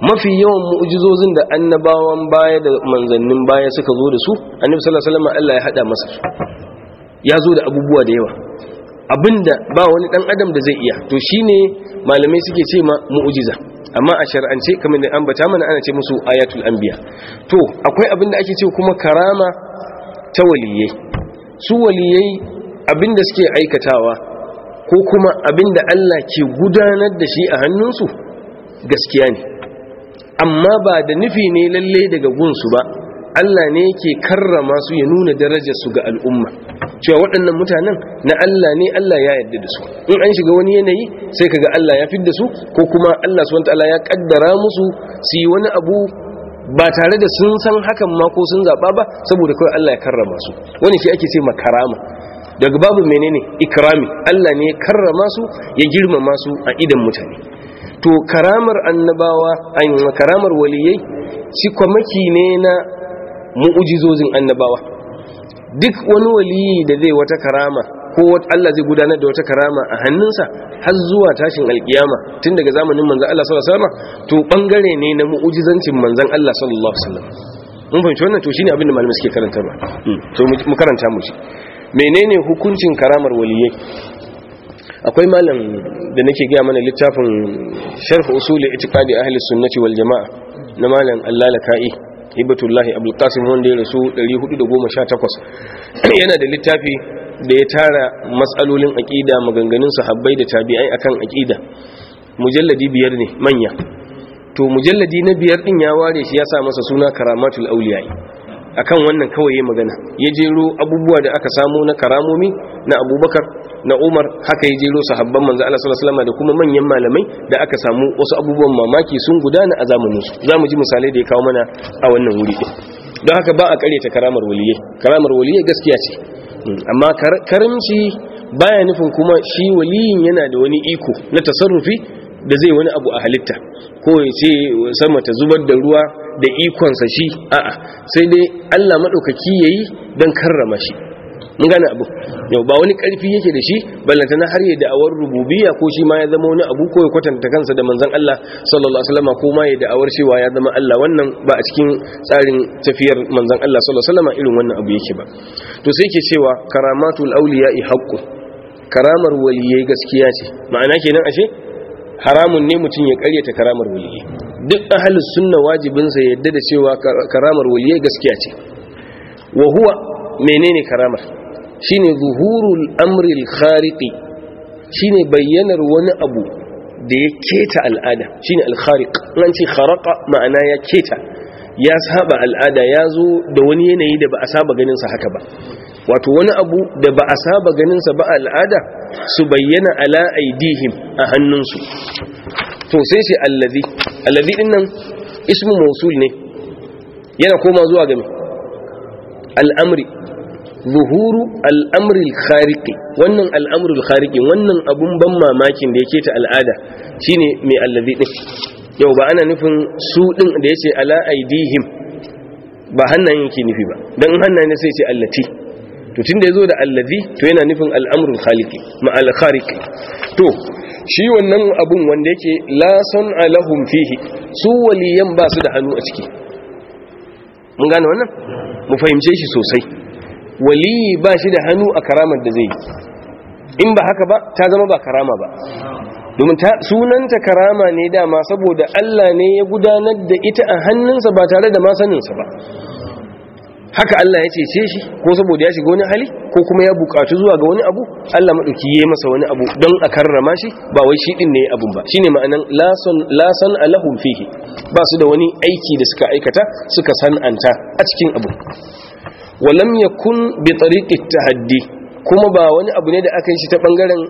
mafi yawan mu'jizozin da annabawan baya da manzannin baya suka zo da su annabi sallallahu alaihi wasallam Allah ya hada masa ya zo da abubuwa da yawa abinda ba wani dan adam da zai iya to shine malamai suke ce ma mu'jiza amma a shar'ance kamar da ambata mana ana ce musu ayatul anbiya to akwai abinda ake ce kuma karama ta waliyai su waliyai abinda suke aikatawa ko kuma abinda Allah ke gudanar da shi a hannunsu gaskiya ne amma ba da nufi ne lalle daga gunsu ba Allah ne yake karrama su ya nuna darajarsu ga al'umma cewa waɗannan mutanen na Allah ne Allah ya yarda da su in an shiga wani yanayi sai kaga Allah ya fidda su ko kuma Allah subhanahu wataala ya kaddara musu su yi wani abu ba tare da sun san hakan ma ko sun zaba ba saboda kawai Allah ya karrama su wani shi ake ce makarama daga babu menene ikrami Allah ne ya karrama su ya girmama su a idan mutane to karamar annabawa ayin karamar waliyai shi kwamaki ne na mu'ujizozin annabawa duk wani waliyi da zai wata karama ko Allah zai gudanar da wata karama a hannunsa har zuwa tashin alkiyama tun daga zamanin manzan Allah sallallahu alaihi wasallam to bangare ne na mu'ujizancin manzan Allah sallallahu alaihi wasallam mun fahimci wannan to shine abin da malamai suke karantarwa hmm. to mu karanta mu shi menene hukuncin karamar waliyai akwai malam da nake gaya mana littafin sharh usuli itiqadi ahli sunnati wal jamaa na malam allalaka'i ibatullahi ibatullahi qasim wanda ya rasu 418 yana da littafi da ya tara matsalolin aƙida maganganun sahabbai da tabi'ai akan aqida mujalladi biyar ne manya to mujalladi na biyar din ya ware shi ya sa masa suna karamatul auliyai akan wannan kawai magana ya jero abubuwa da aka samu na karamomi na abubakar na Umar haka ya jero sahabban manzo Allah sallallahu alaihi da kuma manyan malamai da aka samu wasu abubuwan mamaki sun gudana a zamanin su zamu ji misalai da ya kawo mana a wannan wuri don haka ba a ta karamar waliyai karamar waliyai gaskiya ce amma karimci baya nufin kuma shi waliyin yana da wani iko na tasarrufi da zai wani abu a halitta ko ya ce sama ta zubar da ruwa da ikonsa shi a'a sai dai Allah maɗaukaki yayi don karrama shi mun gane abu yau ba wani karfi yake da shi ballantana har ya da'awar rububiyya ko shi ma ya zama wani abu ko ya kwatanta kansa da manzon Allah sallallahu alaihi wasallam ko ma ya da'awar cewa ya zama Allah wannan ba a cikin tsarin tafiyar manzon Allah sallallahu alaihi wasallam irin wannan abu yake ba to sai yake cewa karamatul awliya haqqu karamar waliyai gaskiya ce ma'ana kenan ashe haramun ne mutum ya karyata karamar waliyai duk ahlus sunna wajibinsa ya yadda da cewa karamar waliyai gaskiya ce wa huwa menene karamar shine zuhurul amril khariqi shine bayyanar wani abu da ya keta al'ada shine al-khariq nan ce kharaqa ma'ana ya keta ya saba al'ada ya zo da wani yanayi da ba a saba ganin sa haka ba wato wani abu da ba a saba ganin sa ba al'ada su bayyana ala aidihim a hannunsu to sai shi allazi allazi din nan ismu mausul ne yana koma zuwa ga al'amri zuhuru al'amril khariki wannan al'amril khariki wannan abun ban mamakin da yake ta al'ada shine mai allazi din yau ba ana nufin su din da yace ala aidihim ba hannayen yake nufi ba dan hannayen sai ce allati to tunda yazo da allazi to yana nufin al'amrul khaliki ma al to shi wannan abun wanda yake la san alahum fihi su waliyan ba su da hannu a ciki mun gane wannan mu fahimce shi sosai waliyi ba shi da hannu a karamar da zai in ba haka ba ta zama ba karama ba domin sunanta karama ne dama saboda Allah ne ya gudanar da ita a hannunsa ba tare da masaninsa ba haka Allah ya cece shi ko saboda ya shiga wani hali ko kuma ya bukaci zuwa ga wani abu Allah maɗauki ya masa wani abu don a karrama shi ba wai shi ɗin ne ya abun ba shi ne ma'anan lasan alahun fihi ba su da wani aiki da suka aikata suka san'anta a cikin abu wa lam yakun bi tariqi tahaddi kuma ba wani abu ne da aka yi shi ta bangaren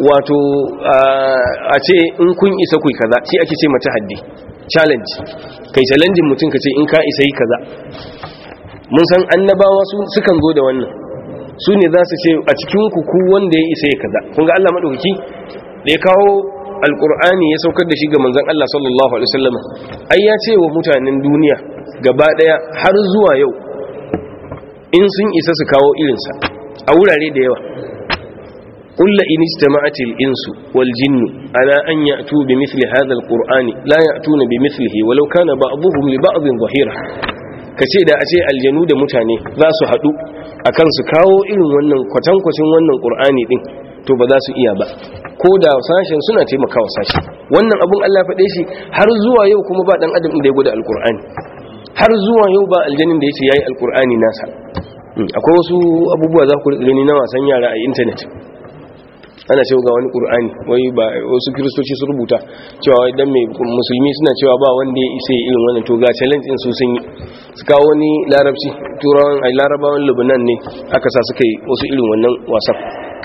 wato a ce in kun isa ku kaza shi ake ce mata haddi challenge kai challenge mutum ka ce in ka isa yi kaza mun san annabawa su sukan zo da wannan su ne za su ce a cikin ku ku wanda ya isa ya kaza kun ga Allah madauki da ya kawo Alƙur'ani ya saukar da shi ga manzon Allah sallallahu alaihi wasallam ai ya ce wa mutanen duniya gaba daya har zuwa yau in sun isa su kawo irinsa a wurare da yawa kulla in istama'ati insu wal jinnu ala an ya'tu bi mithli hadha al-qur'ani la ya'tuna bi mithlihi walau kana ba'dhuhum li ba'dhin dhahira kace da a ce aljanu da mutane za su hadu akan su kawo irin wannan kwatankwacin wannan qur'ani din to ba za su iya ba ko da sashen suna taimakawa sashen wannan abun Allah faɗe shi har zuwa yau kuma ba dan adam da ya gwada qur'ani har zuwa yau ba aljanin da ya ce ya yi alkur'ani nasa hmm, akwai wasu abubuwa za ku gani na wasan yara a intanet ana cewa ga wani ƙur'ani wai ba wasu kiristoci su rubuta cewa wai dan mai musulmi suna cewa ba wanda ya isa irin wannan to ga challenge din su sun yi su kawo wani larabci turawan ai larabawan lebanon ne aka sa suka yi wasu irin wannan wasan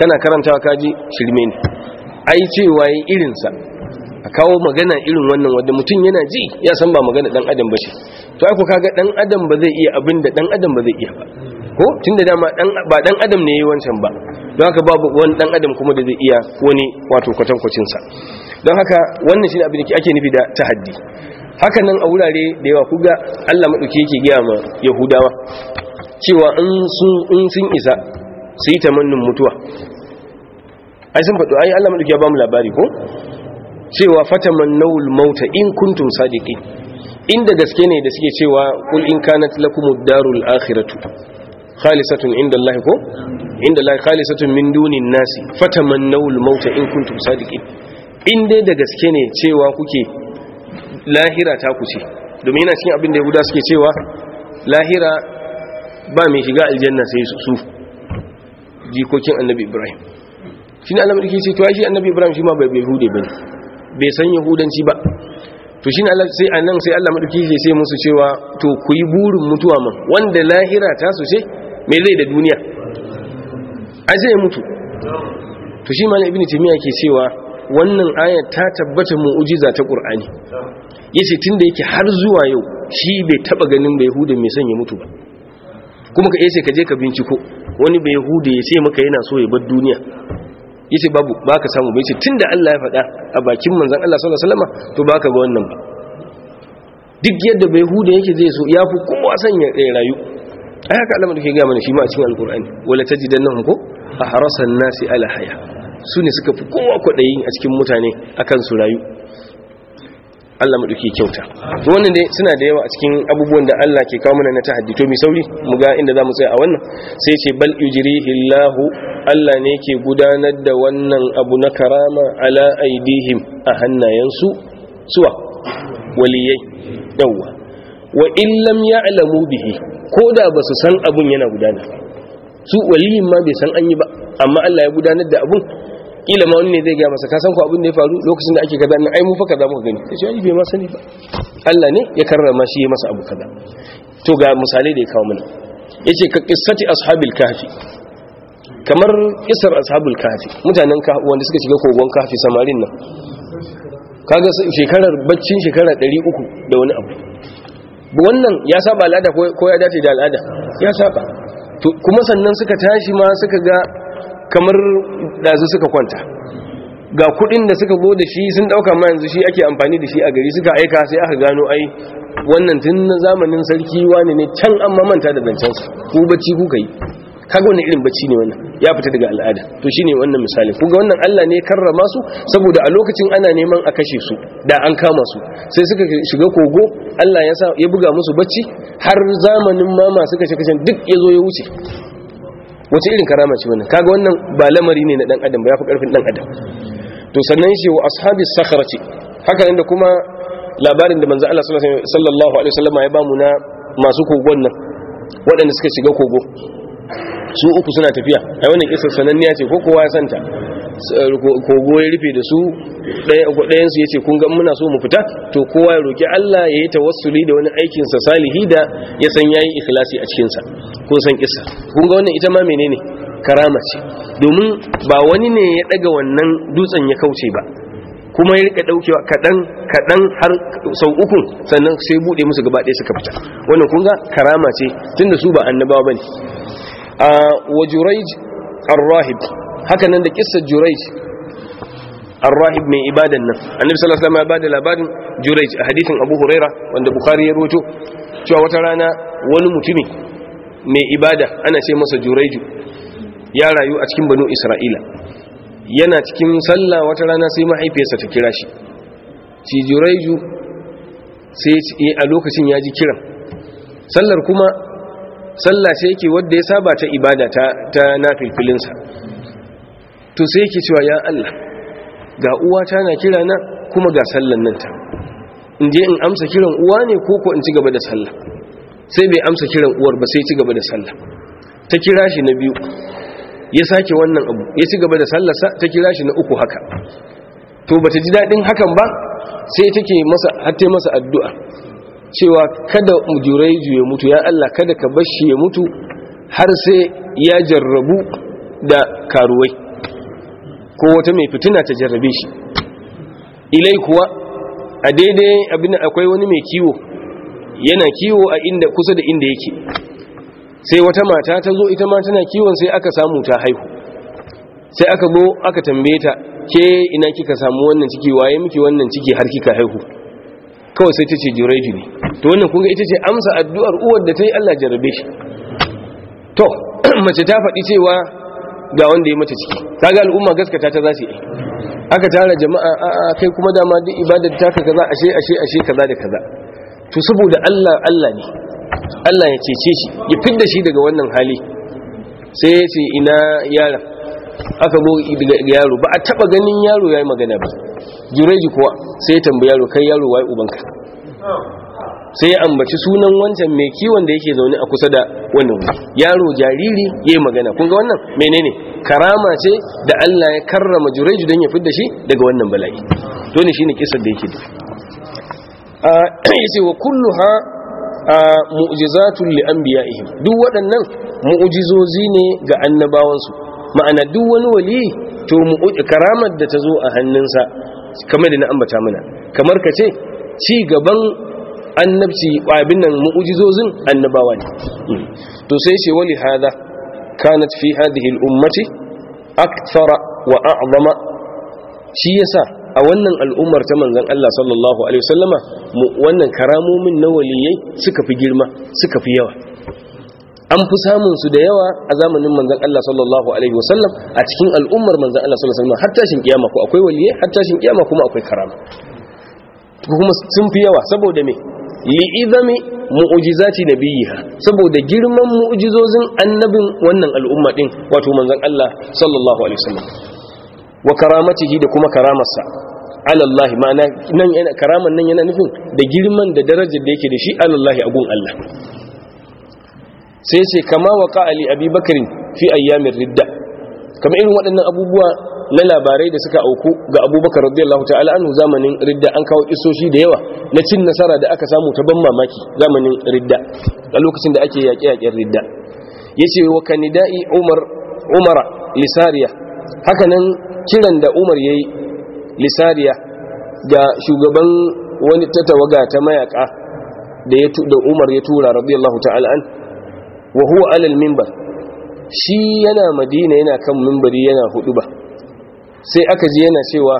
kana karantawa kaji shirme ne ai cewa yi irinsa a kawo magana irin wannan wanda mutum yana ji ya san ba magana dan adam ba shi to ai kaga dan adam ba zai iya abin da dan adam ba zai iya ba ko tunda dama dan ba dan adam ne yayi wancan ba don haka babu wani dan adam kuma da zai iya wani wato kwatankwacin sa don haka wannan shine abin da ake nufi da tahaddi haka nan a wurare da yawa kuga Allah madauki yake giya ma yahudawa cewa in sun in sun isa su yi tamannin mutuwa ai sun faɗo ai Allah madauki ya ba mu labari ko cewa fatamannawul mauta in kuntum sadiqin inda gaske ne da suke cewa kul in kanat lakumud darul akhiratu khalisatun inda Allah ko inda Allah khalisatun min dunin nasi fatamannawul mauta in kuntum sadiki. in dai da gaske ne cewa kuke lahira ta ku ce domin yana cikin abin da yahuda suke cewa lahira ba mai shiga aljanna sai su jikokin annabi ibrahim shi ne alamar ke ce to shi annabi ibrahim shi ma bai hude bane bai san yahudanci ba to shi sai a nan sai allah maɗauki ke sai musu cewa to ku yi burin mutuwa man wanda lahira ta su ce mai zai da duniya an zai mutu to shi ma na ibini ke cewa wannan ayar ta tabbata mu'ujiza ta ƙur'ani ya ce tun da yake har zuwa yau shi bai taɓa ganin bai hudun mai sanya ya mutu ba kuma ka yace ka je ka binciko wani bai hudu ya ce maka yana so ya bar duniya yace babu baka samu ba yace tunda Allah ya faɗa a bakin manzon Allah sallallahu alaihi wasallam to baka ga wannan ba duk yadda bai huda yake zai so ya fi kowa san ya rayu ai haka Allah ke ga mana shi ma a cikin alkur'ani wala tajidannahum ko ahrasan nasi ala haya su ne suka fi kowa kwaɗayi a cikin mutane akan su rayu Allah mu duke kyauta to wannan dai suna da yawa a cikin abubuwan da Allah ke kawo mana na tahaddi to mi sauri mu ga inda zamu tsaya a wannan sai ce bal yujrihi Allah Allah ne ke gudanar da wannan abu na karama ala aidihim a hannayensu suwa waliyai yawa wa in lam ya'lamu bihi koda basu san abun yana gudana su waliyin ma bai san an yi ba amma Allah ya gudanar da abun kila ma wani ne zai gaya masa kasan ku abin da ya faru lokacin da ake kaza nan ai mu fa kaza muka gani sai shi bai ma sani ba Allah ne ya karrama shi ya masa abu kaza to ga misali da ya kawo mana yace ka qissati ashabil kahfi kamar qissar ashabul kahfi mutanen ka wanda suka shiga kogon kahfi samarin nan kaga shekarar baccin shekara 300 da wani abu wannan ya saba al'ada ko ya dace da al'ada ya saba kuma sannan suka tashi ma suka ga kamar dazu suka kwanta ga kudin da suka zo da shi sun dauka ma yanzu shi ake amfani da shi a gari suka aika sai aka gano ai wannan tun na zamanin sarki wani ne can an mamanta da zancensa ku bacci kuka yi kaga wannan irin bacci ne wannan ya fita daga al'ada to shine wannan misali ku ga wannan Allah ne karrama su saboda a lokacin ana neman a kashe su da an kama su sai suka shiga kogo Allah ya sa ya buga musu bacci har zamanin mama suka kashe kashin duk yazo ya wuce wace irin karama ce wannan kaga wannan ba lamari ne na dan adam ba ya yafi karfin dan adam to sannan shi wa ashabi sakharati haka inda kuma labarin da manzo Allah sallallahu alaihi wasallam ya bamu na masu kogon nan waɗanda suka shiga kogo su uku suna tafiya ai wannan kisa sananniya ce ko kowa ya santa Eh, kogo ya rufe da su ɗayan su ce kun ga muna so mu fita to kowa ya roƙi Allah ya yi tawassuli da wani aikinsa salihi da ya san yayi ikhlasi a cikin sa kun san kissa kun ga wannan ita ma menene karama ce domin ba wani ne ya daga wannan dutsen ya kauce ba kuma ya rika daukewa kadan kadan har sau uku sannan sai bude musu gaba ɗaya suka fita wannan kun ga karama ce tunda su ba annabawa bane a ah, wajuraij ar-rahib haka nan da kissar jurayj ar-rahib mai ibadan nan annabi sallallahu alaihi wasallam ya bada labarin jurayj a hadisin abu huraira wanda bukhari ya rawaito cewa wata rana wani mutumi mai ibada ana ce masa jurayju ya rayu a cikin banu isra'ila yana cikin sallah wata rana sai mahaifiyarsa ta kira shi ci jurayju sai a lokacin ya ji kiran sallar kuma sallah sai yake wadda ya saba ta ibada ta, ta filfilinsa. to sai yake cewa ya Allah ga uwata na kira na kuma ga sallan nan ta in je in amsa kiran uwa ne ko ko in ci gaba da sallah sai bai amsa kiran uwar ba sai ci gaba da sallah ta kira shi na biyu ya sake wannan abu ya ci gaba da sallarsa ta kira shi na uku haka to bata ji dadin hakan ba sai take masa hatte masa addu'a cewa kada mujurai juye mutu ya Allah kada ka bar shi ya mutu har sai ya jarrabu da karuwai ko wata mai fitina ta jarrabe shi ilai kuwa a daidai abin akwai wani mai kiwo yana kiwo a inda kusa da inda yake sai wata mata ta zo ita ma tana kiwon sai aka samu ta haihu sai aka bo aka tambaye ta ke ina kika samu wannan ciki waye miki wannan ciki har kika haihu kawai sai ta ce juraifi ne to wannan kunga ita ce amsa addu'ar uwar da ta yi Allah jarrabe shi to *clears throat* mace ta faɗi cewa ga wanda ya mata ciki kaga al'umma gaskata ta zasu yi aka tara jama'a a kai kuma dama duk ibadar ta ka kaza ashe ashe ashe kaza da kaza to saboda Allah Allah ne Allah ya cece shi ya da shi daga wannan hali sai ya ce ina yaron aka go daga yaro ba a taba ganin yaro yayi magana ba jureji kuwa sai ya tambayi yaro kai yaro wai ubanka sai ya ambaci sunan wancan mai kiwon da yake zaune a kusa da wannan yaro jariri yayi magana kun ga wannan menene karama ce da Allah ya karrama jureju don ya fidda shi daga wannan bala'i shi shine kisar da yake a ah, *clears throat* yace wa kulluha ah, mu'jizatun li anbiya'ihim duk waɗannan mu'jizozi ne ga annabawansu ma'ana duk wani wali to karamar da ta zo a hannunsa kamar da na ambata mana kamar ka ce ci gaban annabci abin nan mu'ujizozin annabawa ne hmm. to sai ce wali hada kanat fi hadhihi al-ummati akthara wa a'zama shi yasa a wannan al'ummar ta manzon Allah sallallahu alaihi wasallama wannan karamomin na waliyai suka fi girma suka fi yawa an fi samun su da yawa a zamanin manzon Allah sallallahu alaihi wasallam a cikin al'ummar manzon Allah sallallahu alaihi wasallam har tashin kiyama ko akwai waliyai har tashin kiyama kuma akwai karama kuma sun fi yawa saboda me li'izami mu'ujizati nabiyha saboda girman mu'ujizozin annabin wannan al'umma din wato manzon Allah sallallahu alaihi wasallam wa karamatihi da kuma karamarsa alallahi ma'ana nan yana karaman nan yana nufin da girman da darajar da yake da shi alallahi agun Allah sai sai kama waqa ali abubakar fi ayyamin ridda kamar irin waɗannan abubuwa na labarai da suka auku ga abubakar radiyallahu ta'ala anhu zamanin ridda an kawo kisoshi da yawa na cin nasara da aka samu ta ban mamaki zamanin ridda a lokacin da ake yaƙe-yaƙen ridda ya ce wa kanida'i umar umara Lissariya hakanan kiran da umar ya yi lissariya ga shugaban wani tattawaga ta mayaka da umar ya tura radiyallahu ta'ala an wa alal mimbar shi yana madina yana kan mimbari yana hudu ba sai aka ji yana cewa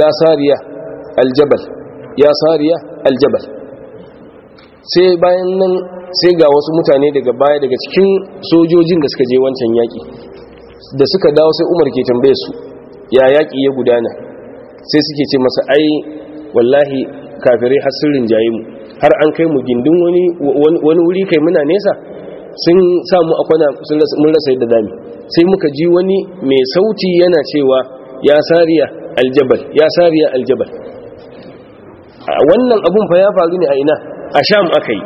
ya sariya aljabal ya sariya aljabal sai bayan nan sai ga wasu mutane daga baya daga cikin sojojin da suka je wancan yaƙi da suka dawo sai umar ke tambaye su ya yaƙi ya gudana sai suke ce masa ai wallahi kafirai har sirrin mu har an kai mu gindin wani wuri kai muna nesa sun samu akwana mun rasa yadda dami sai muka ji wani mai sauti yana cewa ya sariya aljabal ya sariya aljabal wannan abun fa ya faru ne a ina a sham aka yi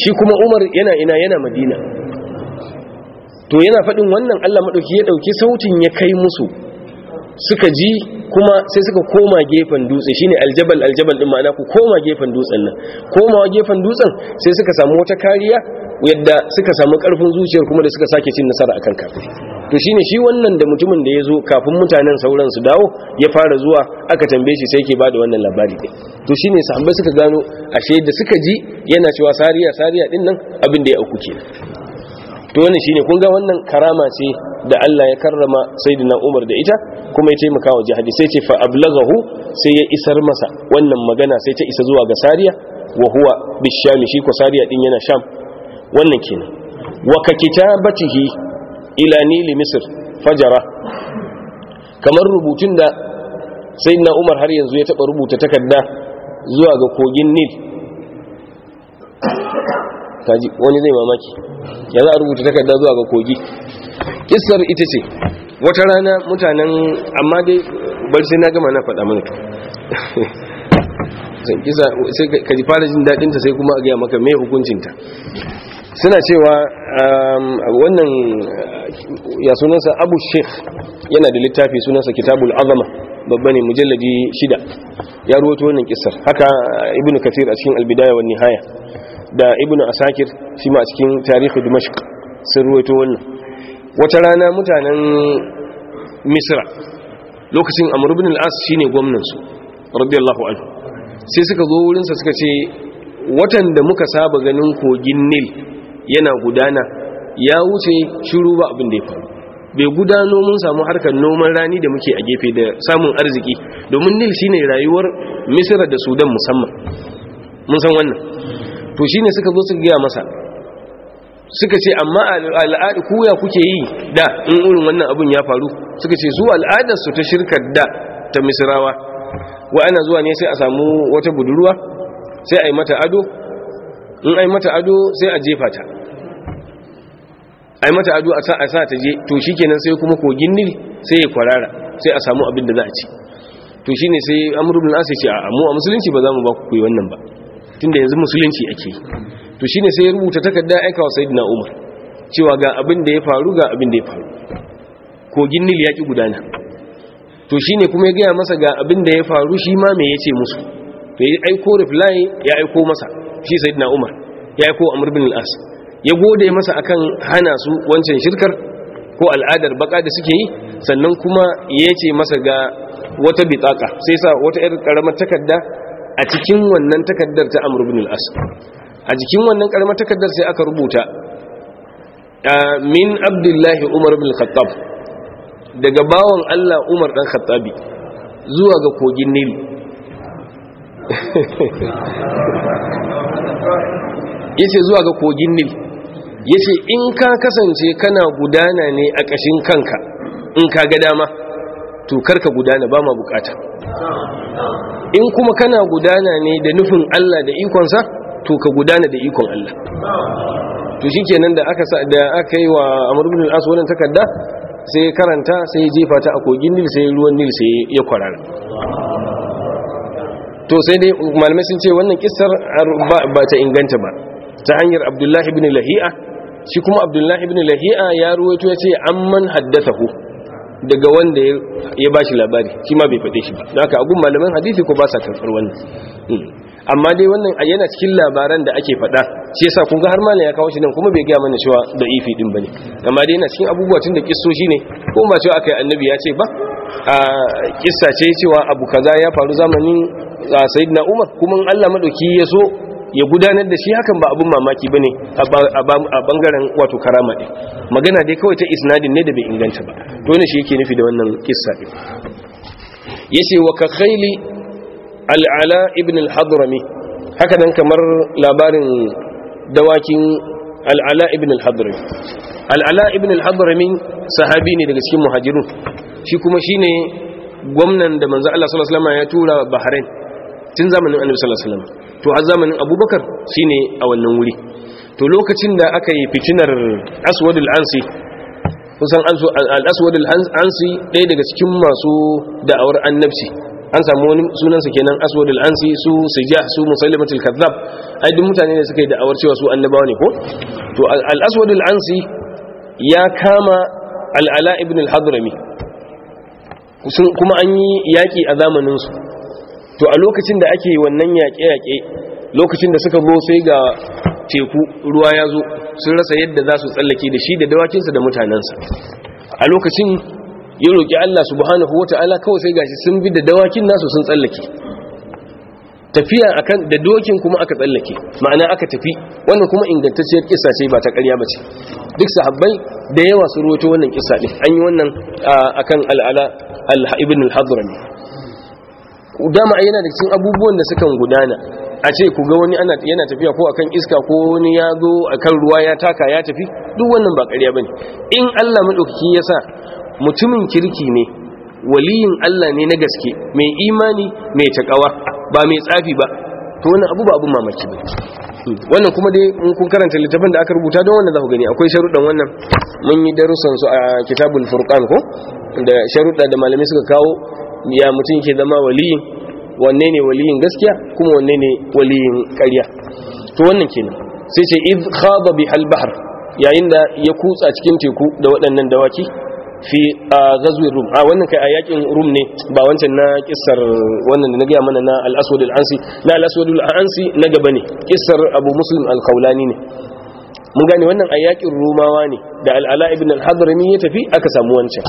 shi kuma umar yana ina yana madina to yana faɗin wannan allah maɗauki ya ɗauki sautin ya kai musu suka ji kuma sai suka koma gefen dutse shine aljabal aljabal din ma'ana ku koma gefen dutsen nan komawa gefen dutsen sai suka samu wata kariya yadda suka samu karfin zuciyar kuma da suka sake cin nasara akan kafin. to shine shi wannan da mutumin da ya zo kafin mutanen sauran su dawo ya fara zuwa aka tambaye shi sai yake bada wannan labari din to shine sahabbai suka gano ashe da suka ji yana cewa sariya sariya din nan abin da ya auku kenan to wannan shine kun ga wannan karama ce da Allah ya karrama sayyidina Umar da ita kuma ya taimaka wa jihadi sai ce fa ablaghahu sai ya isar masa wannan magana sai ta isa zuwa ga Sariya wa huwa bishami shi ko Sariya din yana Sham wannan kenan wa ka kitabatihi ila nili Misir, fajara kamar rubutun da sayyidina Umar har yanzu ya taba rubuta takarda zuwa ga kogin Nil kaji wani zai mamaki ya za a rubuta takarda zuwa ga kogi kissar ita ce wata rana mutanen amma dai bar sai na gama na faɗa mana to *laughs* kisa sai ka ji fara jin daɗinta sai kuma a gaya maka mai hukuncinta suna cewa um, wannan ya sunansa abu sheikh yana da littafi sunansa kitabul azama babba ne mujallaji shida ya ruwato wannan kisar haka ibn kathir a cikin albidaya wa nihaya da ibn asakir shi ma cikin tarihi dimashq sun ruwaito wannan wata rana mutanen misra lokacin amr ibn al-as shine gwamnan su radiyallahu anhu sai suka zo wurinsa sa suka ce watan da muka saba ganin kogin nil yana gudana ya wuce shiru ba abin da ya faru bai gudano mun samu harkar noman rani da muke a gefe da samun arziki domin nil shine rayuwar misra da sudan musamman mun san wannan to shi ne suka zo suka gaya masa suka ce amma al'adu kuya kuke yi da in irin wannan abin ya faru suka ce zuwa al'adarsu ta shirkar da ta misirawa wa ana zuwa ne sai a samu wata budurwa sai a yi mata ado in a yi mata ado sai a jefa ta a yi mata ado a sa ta je to shi kenan sai kuma kogin nil sai ya kwarara sai a samu abin da za a ci to shi ne sai amurubin asa ce a mu a musulunci ba za mu ba ku kuyi wannan ba tunda yanzu musulunci ake to shine sai ya rubuta takarda aika wa sayyidina umar cewa ga abin da ya faru ga abin da ya faru kogin nil ya ki gudana to shine kuma ya gaya masa ga abin da ya faru shi ma me yace musu to ya aiko reply ya aiko masa shi sayyidina umar ya aiko amr bin al-as ya gode masa akan hana su wancan shirkar ko al'adar baka da suke yi sannan kuma ya ce masa ga wata bitaka sai sa wata irin karamar takarda a cikin wannan takaddar ta amur bin al’as a cikin wannan karamar takaddar sai aka rubuta min abdullahi umar bin khattab daga bawon Allah umar dan khattabi zuwa ga kogin nil *laughs* yace zuwa ga kogin nil yace in ka kasance kana gudana ne a kashin kanka in ka ga dama to karka gudana ba ma bukata in kuma kana gudana ne da nufin Allah da ikonsa to ka gudana da ikon Allah to shikenan da aka da aka yi wa Amr ibn al-As wannan takarda sai karanta sai jefa ta a kogin Nil sai ruwan Nil sai ya kwarara to sai dai malamai sun ce wannan kissar ba ta inganta ba ta hanyar Abdullah ibn Lahi'a shi kuma Abdullahi ibn Lahi'a ya ruwaito ya ce amman haddathahu daga wanda ya ba shi labari shi ma bai faɗe shi ba da haka agun malaman hadisi ko ba sa karfar wannan hmm. amma dai wannan yana cikin labaran da ake faɗa shi yasa kun ga har malam ya kawo shi nan kuma bai ga mana cewa da ifi din bane amma dai yana cikin abubuwa tun da shi ne ko ba cewa akai annabi ya ce ba a kissa ce cewa abu kaza ya faru zamanin sayyidina Umar kuma Allah madauki ya so ya gudanar da shi hakan ba abun mamaki ba ne a bangaren wato karama din. magana dai kawai ta isnadin ne da bai inganta ba to ne shi yake nufi da wannan kissa yace ya ce wa al-ala ibn al-hadrami haka nan kamar labarin dawakin al-ala ibn al-hadrami al-ala ibn al-hadrami sahabi ne daga cikin muhajirun shi kuma shine gwamnan da manzo Allah sallallahu alaihi wasallam ya tura Bahrain tun zamanin annabi sallallahu alaihi wasallam to har zamanin abubakar shine a wannan wuri to lokacin da aka yi fitinar aswadul ansi kusan al-aswadul ansi ɗaya daga cikin masu da'awar annabci an samu wani sunansa kenan aswadul ansi su sija su musailamatul kazzab ai duk mutane ne suka yi da'awar cewa su annabawa ne ko to al-aswadul ansi ya kama al-ala ibn al-hadrami kuma an yi yaki a zamanin su to a lokacin da ake wannan yaƙe-yaƙe lokacin da suka zo sai ga teku ruwa ya zo sun rasa yadda za su tsallake da shi da dawakinsa da mutanensa a lokacin ya roƙi Allah subhanahu Ta'ala kawai sai gashi sun bi da dawakin nasu sun tsallake tafiya akan da dokin kuma aka tsallake ma'ana aka tafi wannan kuma ingantacciyar kissa ce ba ta ƙarya bace duk sahabbai da yawa su roto wannan kisa ne, an yi wannan akan al'ala ibn al-hadrami dama yana da cikin abubuwan da sukan gudana a ce ku ga wani yana tafiya ko akan iska ko wani ya zo akan ruwa ya taka ya tafi duk wannan ba ƙarya ne. in Allah madaukaki ya sa mutumin kirki ne waliyin Allah ne na gaske mai imani mai takawa ba mai tsafi ba to wannan abu ba abun mamaki ba. Hmm, wannan kuma dai in kun karanta littafin da aka rubuta don wannan za ku gani akwai sharuɗan wannan mun yi darussan su a kitabul furqan ko da sharuɗa da malamai suka kawo ya mutum ke zama waliyin wanne ne waliyin gaskiya kuma wanne ne waliyin ƙarya to wannan kenan sai ce id khaba bi al bahr yayin da ya kutsa cikin teku da waɗannan dawaki fi ghazwi rum a wannan kai a yakin rum ne ba wancan na kissar wannan da na gaya mana na al aswad al ansi na al aswad al ansi na gaba ne kissar abu muslim al ne mun gane wannan ayyakin rumawa ne da al'ala ibn al-hadrami ya tafi aka samu wancan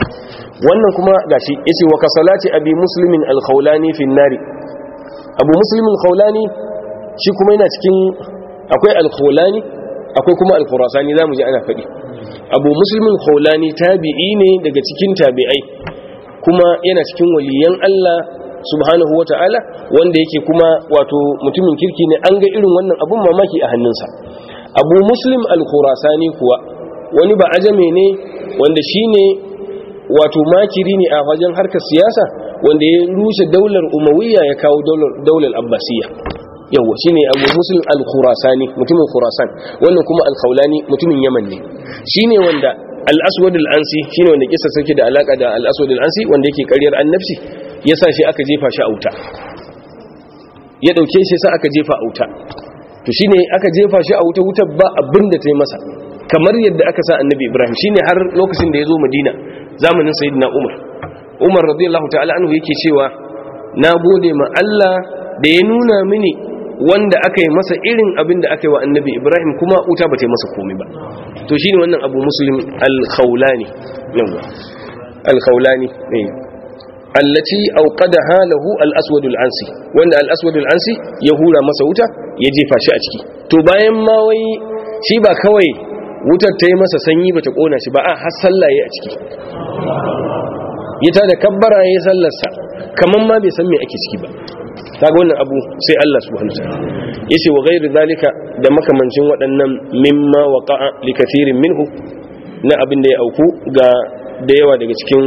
wannan kuma gashi yace wa kasalati abi muslimin al-khawlani fi an-nari abu muslim al-khawlani shi kuma yana cikin akwai al-khawlani akwai kuma al-khurasani zamu ji ana fadi abu muslim al-khawlani tabi'i ne daga cikin tabi'ai kuma yana cikin waliyan Allah subhanahu wata'ala wanda yake kuma wato mutumin kirki ne an ga irin wannan abun mamaki a hannunsa abu muslim al-khurasani kuwa wani ba ajame ne wanda shine wato makiri ne a wajen harkar siyasa wanda ya rushe daular umawiyya ya kawo daular abbasiyya yawa shine abu muslim al-khurasani mutumin khurasan wannan kuma al-khawlani mutumin yaman ne shine wanda al-aswad al-ansi shine wanda kisa sake da alaka da al-aswad al-ansi wanda yake ƙaryar annabi yasa shi aka jefa shi auta. ya dauke shi sa aka jefa auta. to shine aka jefa shi a wuta wuta ba abin da ta yi masa kamar yadda aka sa annabi ibrahim shine har lokacin da ya zo madina zamanin na umar umar radiyallahu ta'ala anhu yake cewa na gode ma allah da ya nuna mini wanda aka yi masa irin abin da aka yi wa annabi ibrahim kuma wuta ba ta yi masa komai ba to shine wannan abu muslim al-khawlani yawa al-khawlani eh. Allaci auqadaha lahu al-aswad al-ansi wanda al-aswad ansi ya hura masa wuta ya jefa shi a ciki to bayan ma wai shi ba kawai wutar ta yi masa sanyi ba ta kona shi ba a har sallaye a ciki ya ta da kabbara ya sallarsa kaman ma bai san me ake ciki ba kaga wannan abu sai Allah subhanahu Ya yace wa ghairu zalika da makamancin waɗannan mimma waqa'a li minhu na abin da ya auku ga da yawa daga cikin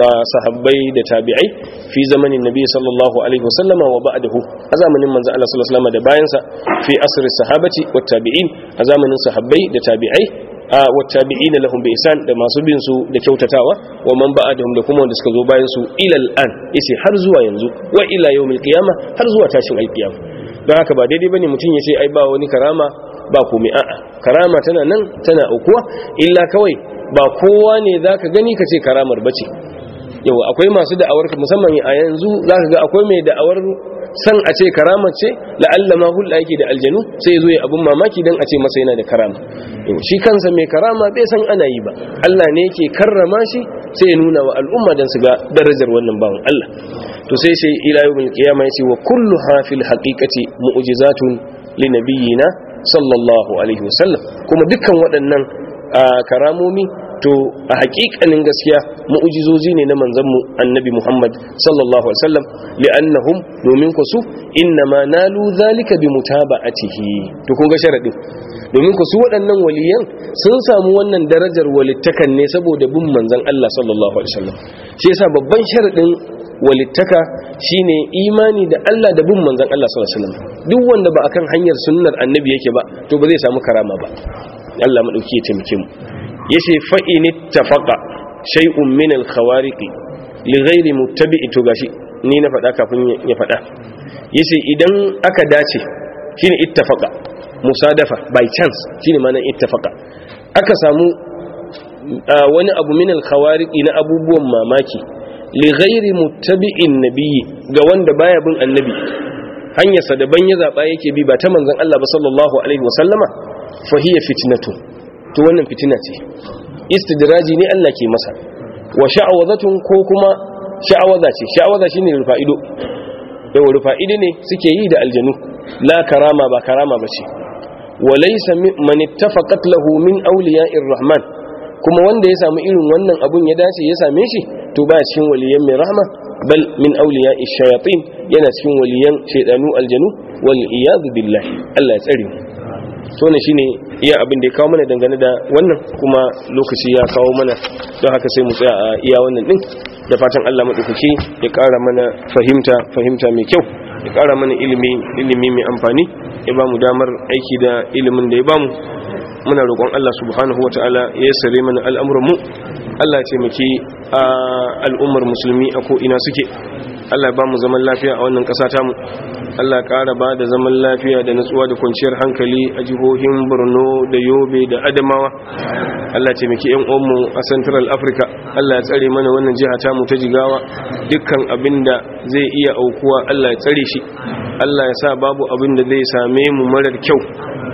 ah, sahabbai da tabi'ai fi zamanin nabi sallallahu alaihi wasallam wa ba'dahu a zamanin manzo Allah sallallahu alaihi da bayansa fi asri sahabati wat tabi'in a zamanin sahabbai da tabi'ai والتابعين لهم بإحسان لما suka zo bayan su ilal an باينسو har zuwa yanzu, حرزوا ila وإلى يوم har zuwa tashin القيامة don haka ba daidai bane mutum ya ce ai ba wani karama ba komai a'a karama tana nan tana aukuwa illa kawai ba kowa ne za ka gani ka ce karamar ba ce yau akwai masu da'awar musamman a yanzu za ka ga akwai mai da'awar san a ce karama ce la'alla ma hulɗa yake da aljanu sai zo ya abin mamaki don a ce masa yana da karama Yau shi kansa mai karama bai san ana yi ba Allah ne yake karrama shi sai ya nuna wa al'umma don su ga darajar wannan bawan Allah to sai sai ila mai kiyama ya ce wa kullu hafil haqiqati mu'jizatun li nabiyyina sallallahu alaihi wasallam kuma dukkan waɗannan karamomi wato a hakikanin gaskiya mu'ujizozi ne na manzon mu annabi Muhammad sallallahu alaihi wasallam li'annahum domin ku su inma nalu zalika bi mutaba'atihi to kun ga sharadin domin ku su waɗannan waliyan sun samu wannan darajar walittakan ne saboda bin manzon Allah sallallahu alaihi wasallam shi yasa babban sharadin walittaka shine imani da Allah da bin manzon Allah sallallahu alaihi wasallam duk wanda ba akan hanyar sunnar annabi yake ba to ba zai samu karama ba Allah madauki ya taimake mu yace fa in ittafaqa shay'un min al-khawariq li ghairi muttabi'i to gashi ni na faɗa kafin ya faɗa yace idan aka dace shine ittafaqa musadafa by chance shine ma'anar ittafaqa aka samu wani abu min al-khawariq na abubuwan mamaki li ghairi muttabi'in nabiyyi ga wanda baya bin annabi hanyarsa daban ya zaba yake bi ba ta manzon Allah ba sallallahu alaihi wasallama fa hiya fitnatun to wannan fitina ce istidraji ne Allah ke masa wa sha'awazatun ko kuma sha'awaza ce sha'awaza shine rufa'ido yau rufa'ido ne suke yi da aljanu la karama ba karama bace wa man ittafaqat lahu min awliya'ir rahman kuma wanda ya samu irin wannan abun ya dace ya same shi to ba cikin waliyan mai rahma bal min awliya'ish shayatin yana cikin waliyan shaydanu aljanu wal iyad billah Allah ya tsare mu so ne shine iya abin da ya kawo mana dangane da wannan kuma lokaci ya kawo mana don haka sai mu tsaya a iya wannan din da fatan Allah madaukake ya kara mana fahimta fahimta mai kyau ya kara mana ilimi ilimi mai amfani ya ba mu damar aiki da ilimin da ya ba mu muna roƙon Allah subhanahu wataala ya sare mana al'amuran mu Allah ya a al'ummar musulmi a ko ina suke Allah ba mu zaman lafiya a wannan ƙasa ta mu Allah ƙara ba da zaman lafiya da nutsuwa da kwanciyar hankali a jihohin Borno da Yobe da Adamawa Allah taimaki ƴan uwanmu a Central Africa Allah ya tsare mana wannan jiha ta mu ta Jigawa dukkan abinda zai iya aukuwa Allah ya tsare shi Allah ya sa babu abin zai same mu marar kyau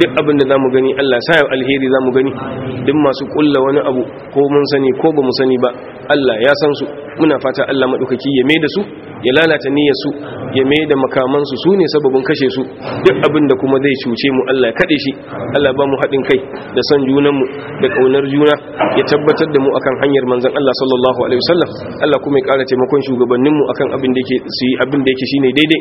duk abin zamu gani Allah ya sa ya alheri zamu gani duk masu kulla wani abu ko mun sani ko ba mu sani ba Allah ya san su muna fata Allah madaukaki ya mai da su ya lalata niyyarsu ya mai da makamansu su ne sababin kashe su duk abin da kuma zai cuce mu Allah ya kaɗe shi Allah ba mu haɗin kai da son junanmu da ƙaunar juna ya tabbatar da mu akan hanyar manzan Allah sallallahu alaihi wasallam Allah kuma ya ƙara taimakon shugabanninmu akan abin da yake su yi abin da yake shine daidai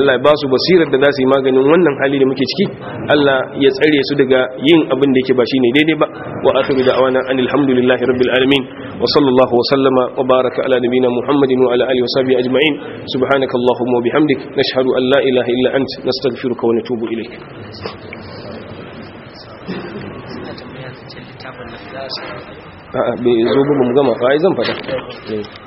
Allah ya ba su basirar da za su yi maganin wannan hali da muke ciki Allah ya tsare su daga yin abin da yake ba shine daidai ba wa akhiru da'wana anil hamdulillahi rabbil alamin wa sallallahu wa sallama wa baraka ala nabina muhammadin wa ala alihi wa sahbihi ajma'in subhanaka allahumma wa bihamdik nashhadu an la ilaha illa ant nastaghfiruka wa natubu ilayk a'a bai mu gama ai zan faɗa